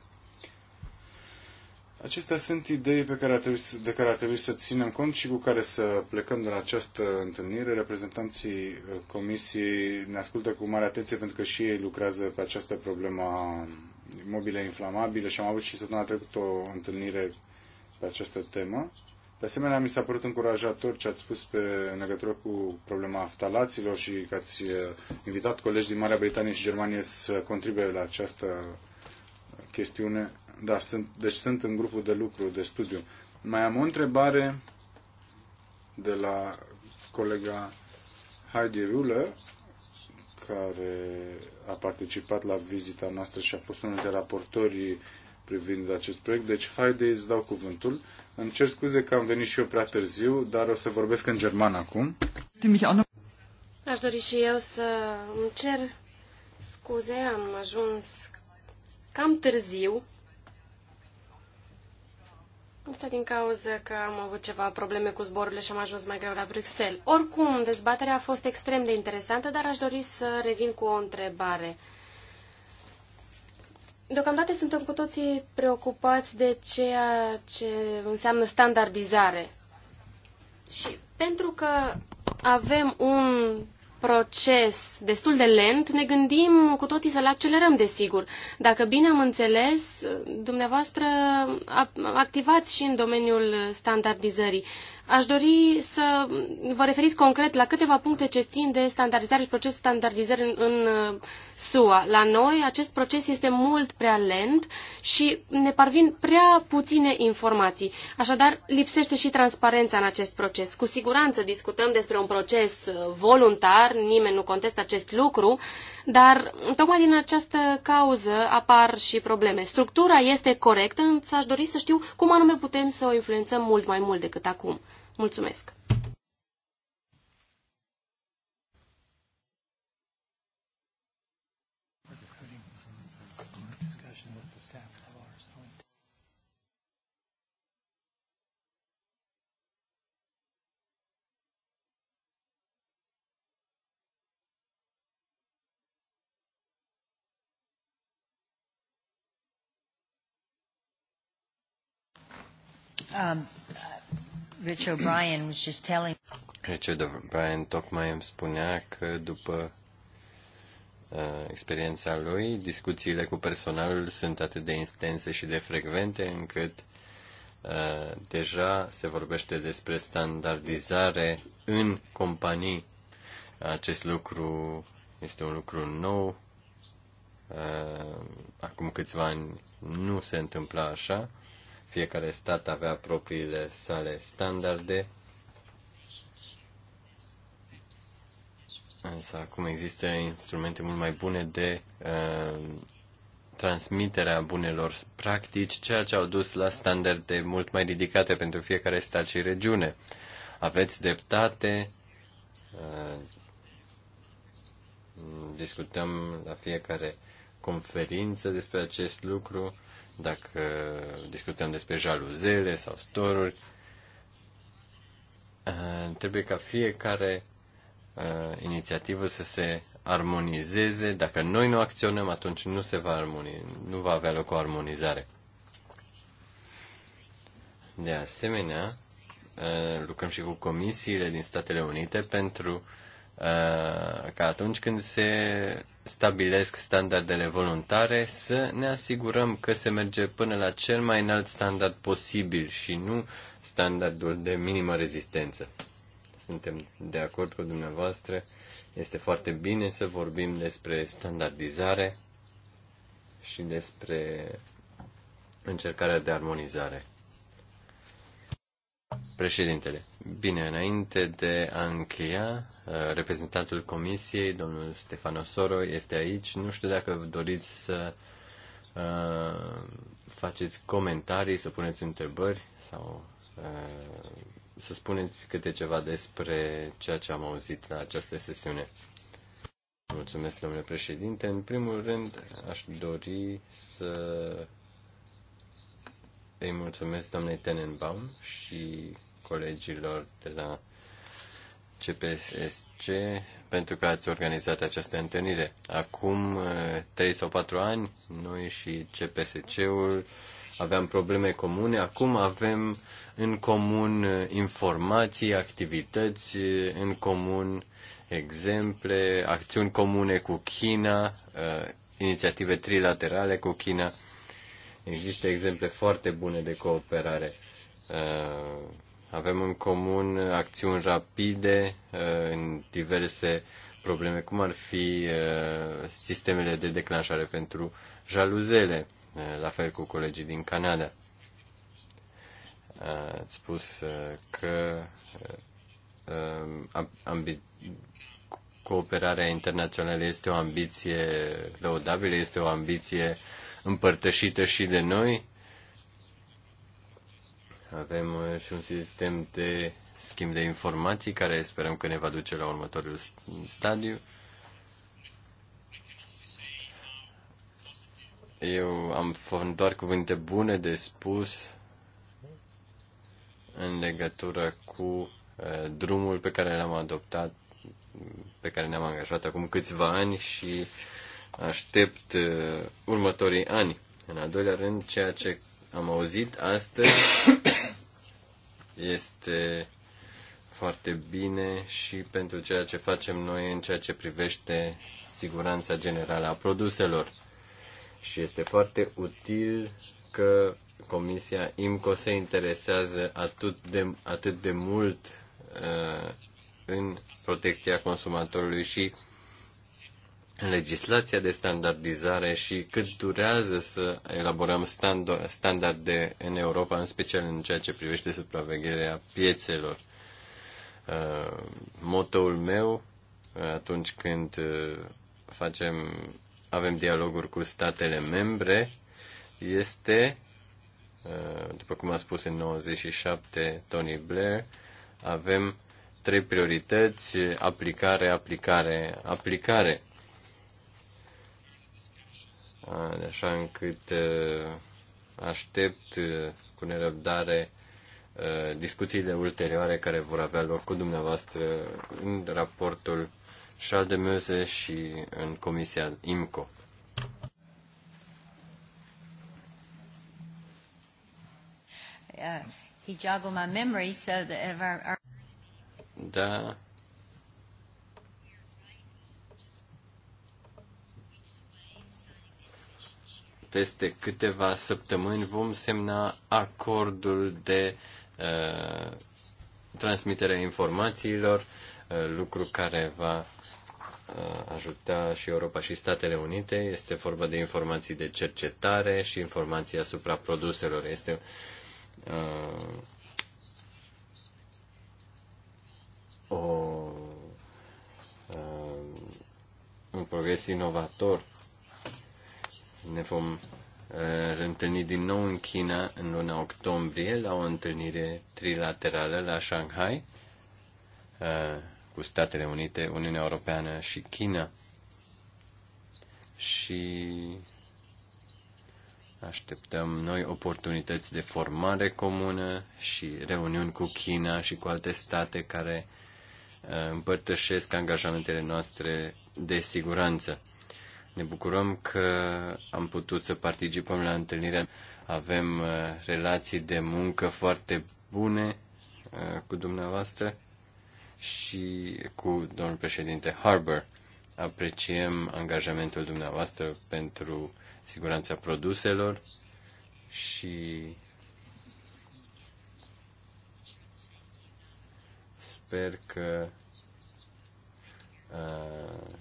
Acestea sunt idei pe care ar trebui, de care ar trebui să ținem cont și cu care să plecăm de la această întâlnire. Reprezentanții uh, Comisiei ne ascultă cu mare atenție pentru că și ei lucrează pe această problemă a mobilei inflamabile și am avut și săptămâna trecută o întâlnire pe această temă. De asemenea, mi s-a părut încurajator ce ați spus pe, în legătură cu problema aftalaților și că ați eh, invitat colegi din Marea Britanie și Germanie să contribuie la această chestiune. Da, sunt, deci sunt în grupul de lucru, de studiu. Mai am o întrebare de la colega Heidi Ruller, care a participat la vizita noastră și a fost unul de raportorii privind acest proiect. Deci, haide, îți dau cuvântul. Îmi cer scuze că am venit și eu prea târziu, dar o să vorbesc în german acum. Aș dori și eu să îmi cer scuze, am ajuns cam târziu. Asta din cauza că am avut ceva probleme cu zborurile și am ajuns mai greu la Bruxelles. Oricum, dezbaterea a fost extrem de interesantă, dar aș dori să revin cu o întrebare. Deocamdată suntem cu toții preocupați de ceea ce înseamnă standardizare. Și pentru că avem un proces destul de lent, ne gândim cu toții să-l accelerăm, desigur. Dacă bine am înțeles, dumneavoastră activați și în domeniul standardizării. Aș dori să vă referiți concret la câteva puncte ce țin de standardizare și procesul standardizării în, în SUA. La noi acest proces este mult prea lent și ne parvin prea puține informații. Așadar, lipsește și transparența în acest proces. Cu siguranță discutăm despre un proces uh, voluntar, nimeni nu contestă acest lucru, dar tocmai din această cauză apar și probleme. Structura este corectă, însă aș dori să știu cum anume putem să o influențăm mult mai mult decât acum. Mulțumesc! Um, uh, Rich O'Brien was just telling... Richard O'Brien tocmai îmi spunea că după uh, experiența lui, discuțiile cu personalul sunt atât de intense și de frecvente încât uh, deja se vorbește despre standardizare în companii. Acest lucru este un lucru nou. Uh, acum câțiva ani nu se întâmpla așa fiecare stat avea propriile sale standarde. Însă acum există instrumente mult mai bune de uh, transmiterea bunelor practici, ceea ce au dus la standarde mult mai ridicate pentru fiecare stat și regiune. Aveți dreptate, uh, discutăm la fiecare conferință despre acest lucru dacă discutăm despre jaluzele sau storuri, uh, trebuie ca fiecare uh, inițiativă să se armonizeze. Dacă noi nu acționăm, atunci nu se va armoni, nu va avea loc o armonizare. De asemenea, uh, lucrăm și cu comisiile din Statele Unite pentru Uh, ca atunci când se stabilesc standardele voluntare, să ne asigurăm că se merge până la cel mai înalt standard posibil și nu standardul de minimă rezistență. Suntem de acord cu dumneavoastră. Este foarte bine să vorbim despre standardizare și despre încercarea de armonizare. Președintele, Bine, înainte de a încheia, uh, reprezentantul comisiei, domnul Stefano Soro, este aici. Nu știu dacă doriți să uh, faceți comentarii, să puneți întrebări sau uh, să spuneți câte ceva despre ceea ce am auzit la această sesiune. Mulțumesc, domnule președinte. În primul rând, aș dori să îi mulțumesc doamnei Tenenbaum și colegilor de la CPSC pentru că ați organizat această întâlnire. Acum 3 eh, sau 4 ani, noi și CPSC-ul aveam probleme comune, acum avem în comun eh, informații, activități eh, în comun, exemple, acțiuni comune cu China, inițiative trilaterale cu China. Există exemple foarte bune de cooperare avem în comun acțiuni rapide uh, în diverse probleme, cum ar fi uh, sistemele de declanșare pentru jaluzele, uh, la fel cu colegii din Canada. Ați spus că cooperarea internațională este o ambiție lăudabilă, este o ambiție împărtășită și de noi avem uh, și un sistem de schimb de informații care sperăm că ne va duce la următorul stadiu. Eu am fost doar cuvinte bune de spus în legătură cu uh, drumul pe care l-am adoptat, pe care ne-am angajat acum câțiva ani și aștept uh, următorii ani. În al doilea rând, ceea ce am auzit astăzi este foarte bine și pentru ceea ce facem noi în ceea ce privește siguranța generală a produselor. Și este foarte util că Comisia IMCO se interesează atât de, atât de mult uh, în protecția consumatorului și legislația de standardizare și cât durează să elaborăm standarde în Europa, în special în ceea ce privește supravegherea piețelor. Uh, motoul meu, uh, atunci când uh, facem, avem dialoguri cu statele membre, este, după cum a spus în 97 Tony Blair, avem trei priorități, aplicare, aplicare, aplicare așa încât uh, aștept uh, cu nerăbdare uh, discuțiile ulterioare care vor avea loc cu dumneavoastră în raportul Schaldemöse și în comisia IMCO. Uh, he jogged my memory so that our... Da, peste câteva săptămâni vom semna acordul de uh, transmitere informațiilor, uh, lucru care va uh, ajuta și Europa și Statele Unite. Este vorba de informații de cercetare și informații asupra produselor. Este uh, o, uh, un progres inovator ne vom uh, eh, întâlni din nou în China în luna octombrie la o întâlnire trilaterală la Shanghai uh, cu Statele Unite, Uniunea Europeană și China. Și Așteptăm noi oportunități de formare comună și reuniuni cu China și cu alte state care eh, împărtășesc angajamentele noastre de siguranță. Ne bucurăm că am putut să participăm la întâlnirea. Avem uh, relații de muncă foarte bune uh, cu dumneavoastră și cu domnul președinte Harbour. Apreciem angajamentul dumneavoastră pentru siguranța produselor și sper că uh,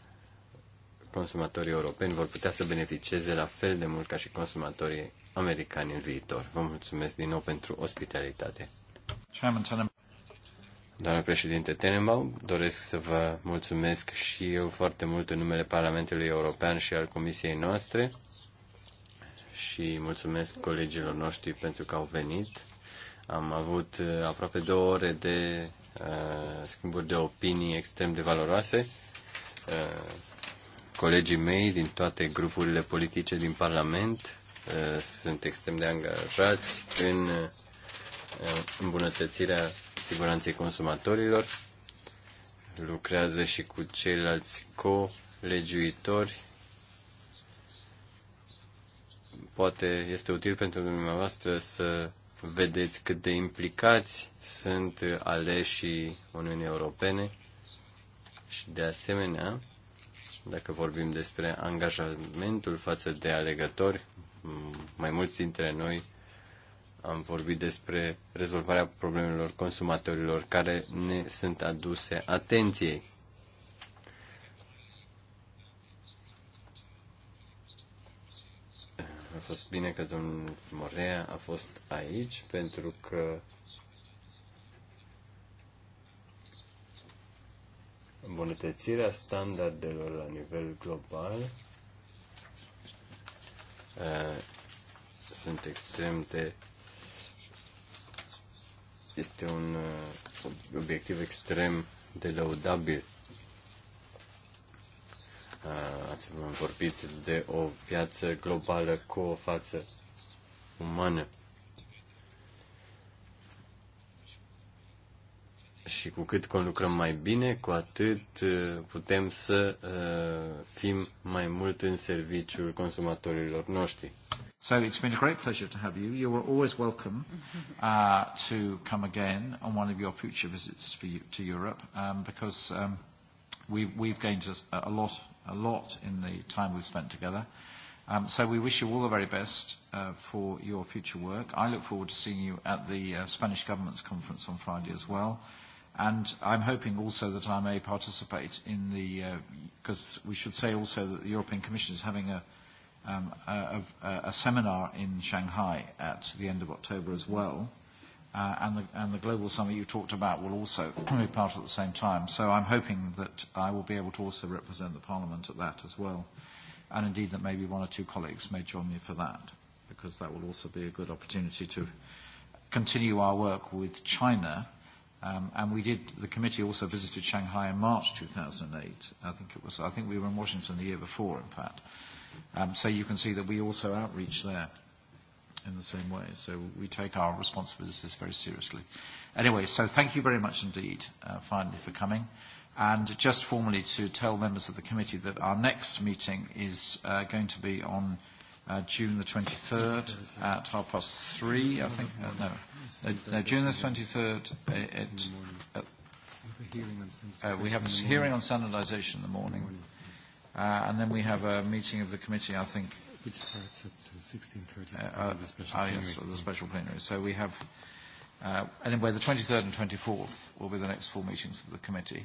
consumatorii europeni vor putea să beneficieze la fel de mult ca și consumatorii americani în viitor. Vă mulțumesc din nou pentru ospitalitate. Doamne președinte Tenenbaum, doresc să vă mulțumesc și eu foarte mult în numele Parlamentului European și al Comisiei noastre și mulțumesc colegilor noștri pentru că au venit. Am avut uh, aproape două ore de uh, schimburi de opinii extrem de valoroase. Uh, Colegii mei din toate grupurile politice din Parlament uh, sunt extrem de angajați în uh, îmbunătățirea siguranței consumatorilor. Lucrează și cu ceilalți co-legiuitori. Poate este util pentru dumneavoastră să vedeți cât de implicați sunt aleșii Uniunii Europene și de asemenea dacă vorbim despre angajamentul față de alegători, mai mulți dintre noi am vorbit despre rezolvarea problemelor consumatorilor care ne sunt aduse atenției. A fost bine că domnul Morea a fost aici pentru că îmbunătățirea standardelor la nivel global sunt extrem de este un obiectiv extrem de lăudabil. Ați vorbit de o piață globală cu o față umană. și cu cât conlucrăm mai bine, cu atât uh, putem să uh, fim mai mult în serviciul consumatorilor noștri. So it's been a great pleasure to have you. You are always welcome uh, to come again on one of your future visits for you, to Europe um, because um, we've, we've gained a, a, lot, a lot in the time we've spent together. Um, so we wish you all the very best uh, for your future work. I look forward to seeing you at the uh, Spanish government's conference on Friday as well. And I'm hoping also that I may participate in the, because uh, we should say also that the European Commission is having a, um, a, a, a seminar in Shanghai at the end of October as well. Uh, and, the, and the global summit you talked about will also (clears throat) be part at the same time. So I'm hoping that I will be able to also represent the Parliament at that as well. And indeed that maybe one or two colleagues may join me for that, because that will also be a good opportunity to continue our work with China Um, and we did, the committee also visited Shanghai in March 2008. I think it was, I think we were in Washington the year before, in fact. Um, so you can see that we also outreach there in the same way. So we take our responsibilities very seriously. Anyway, so thank you very much indeed, uh, finally, for coming. And just formally to tell members of the committee that our next meeting is uh, going to be on uh, June the 23rd at half past three, I think. Uh, no, uh, no, June the 23rd uh, at, uh, uh, we have a hearing on standardisation in the morning, uh, and then we have a meeting of the committee, I think. Which starts at 16.30 uh, the special ah, plenary. Yes, the special plenary. So we have, uh, anyway, the 23rd and 24th will be the next four meetings of the committee.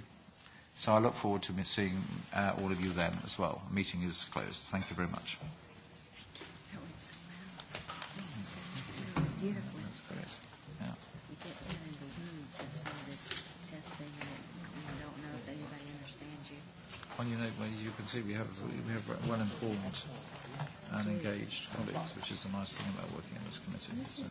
So I look forward to seeing uh, all of you then as well. The meeting is closed. Thank you very much. beautiful. That's great. Yeah. You get down in the weeds of some of this testing and you don't know if anybody understands you. On your note, well, you can see we have, we have well-informed and engaged colleagues, which is the nice thing about working in this committee. This so.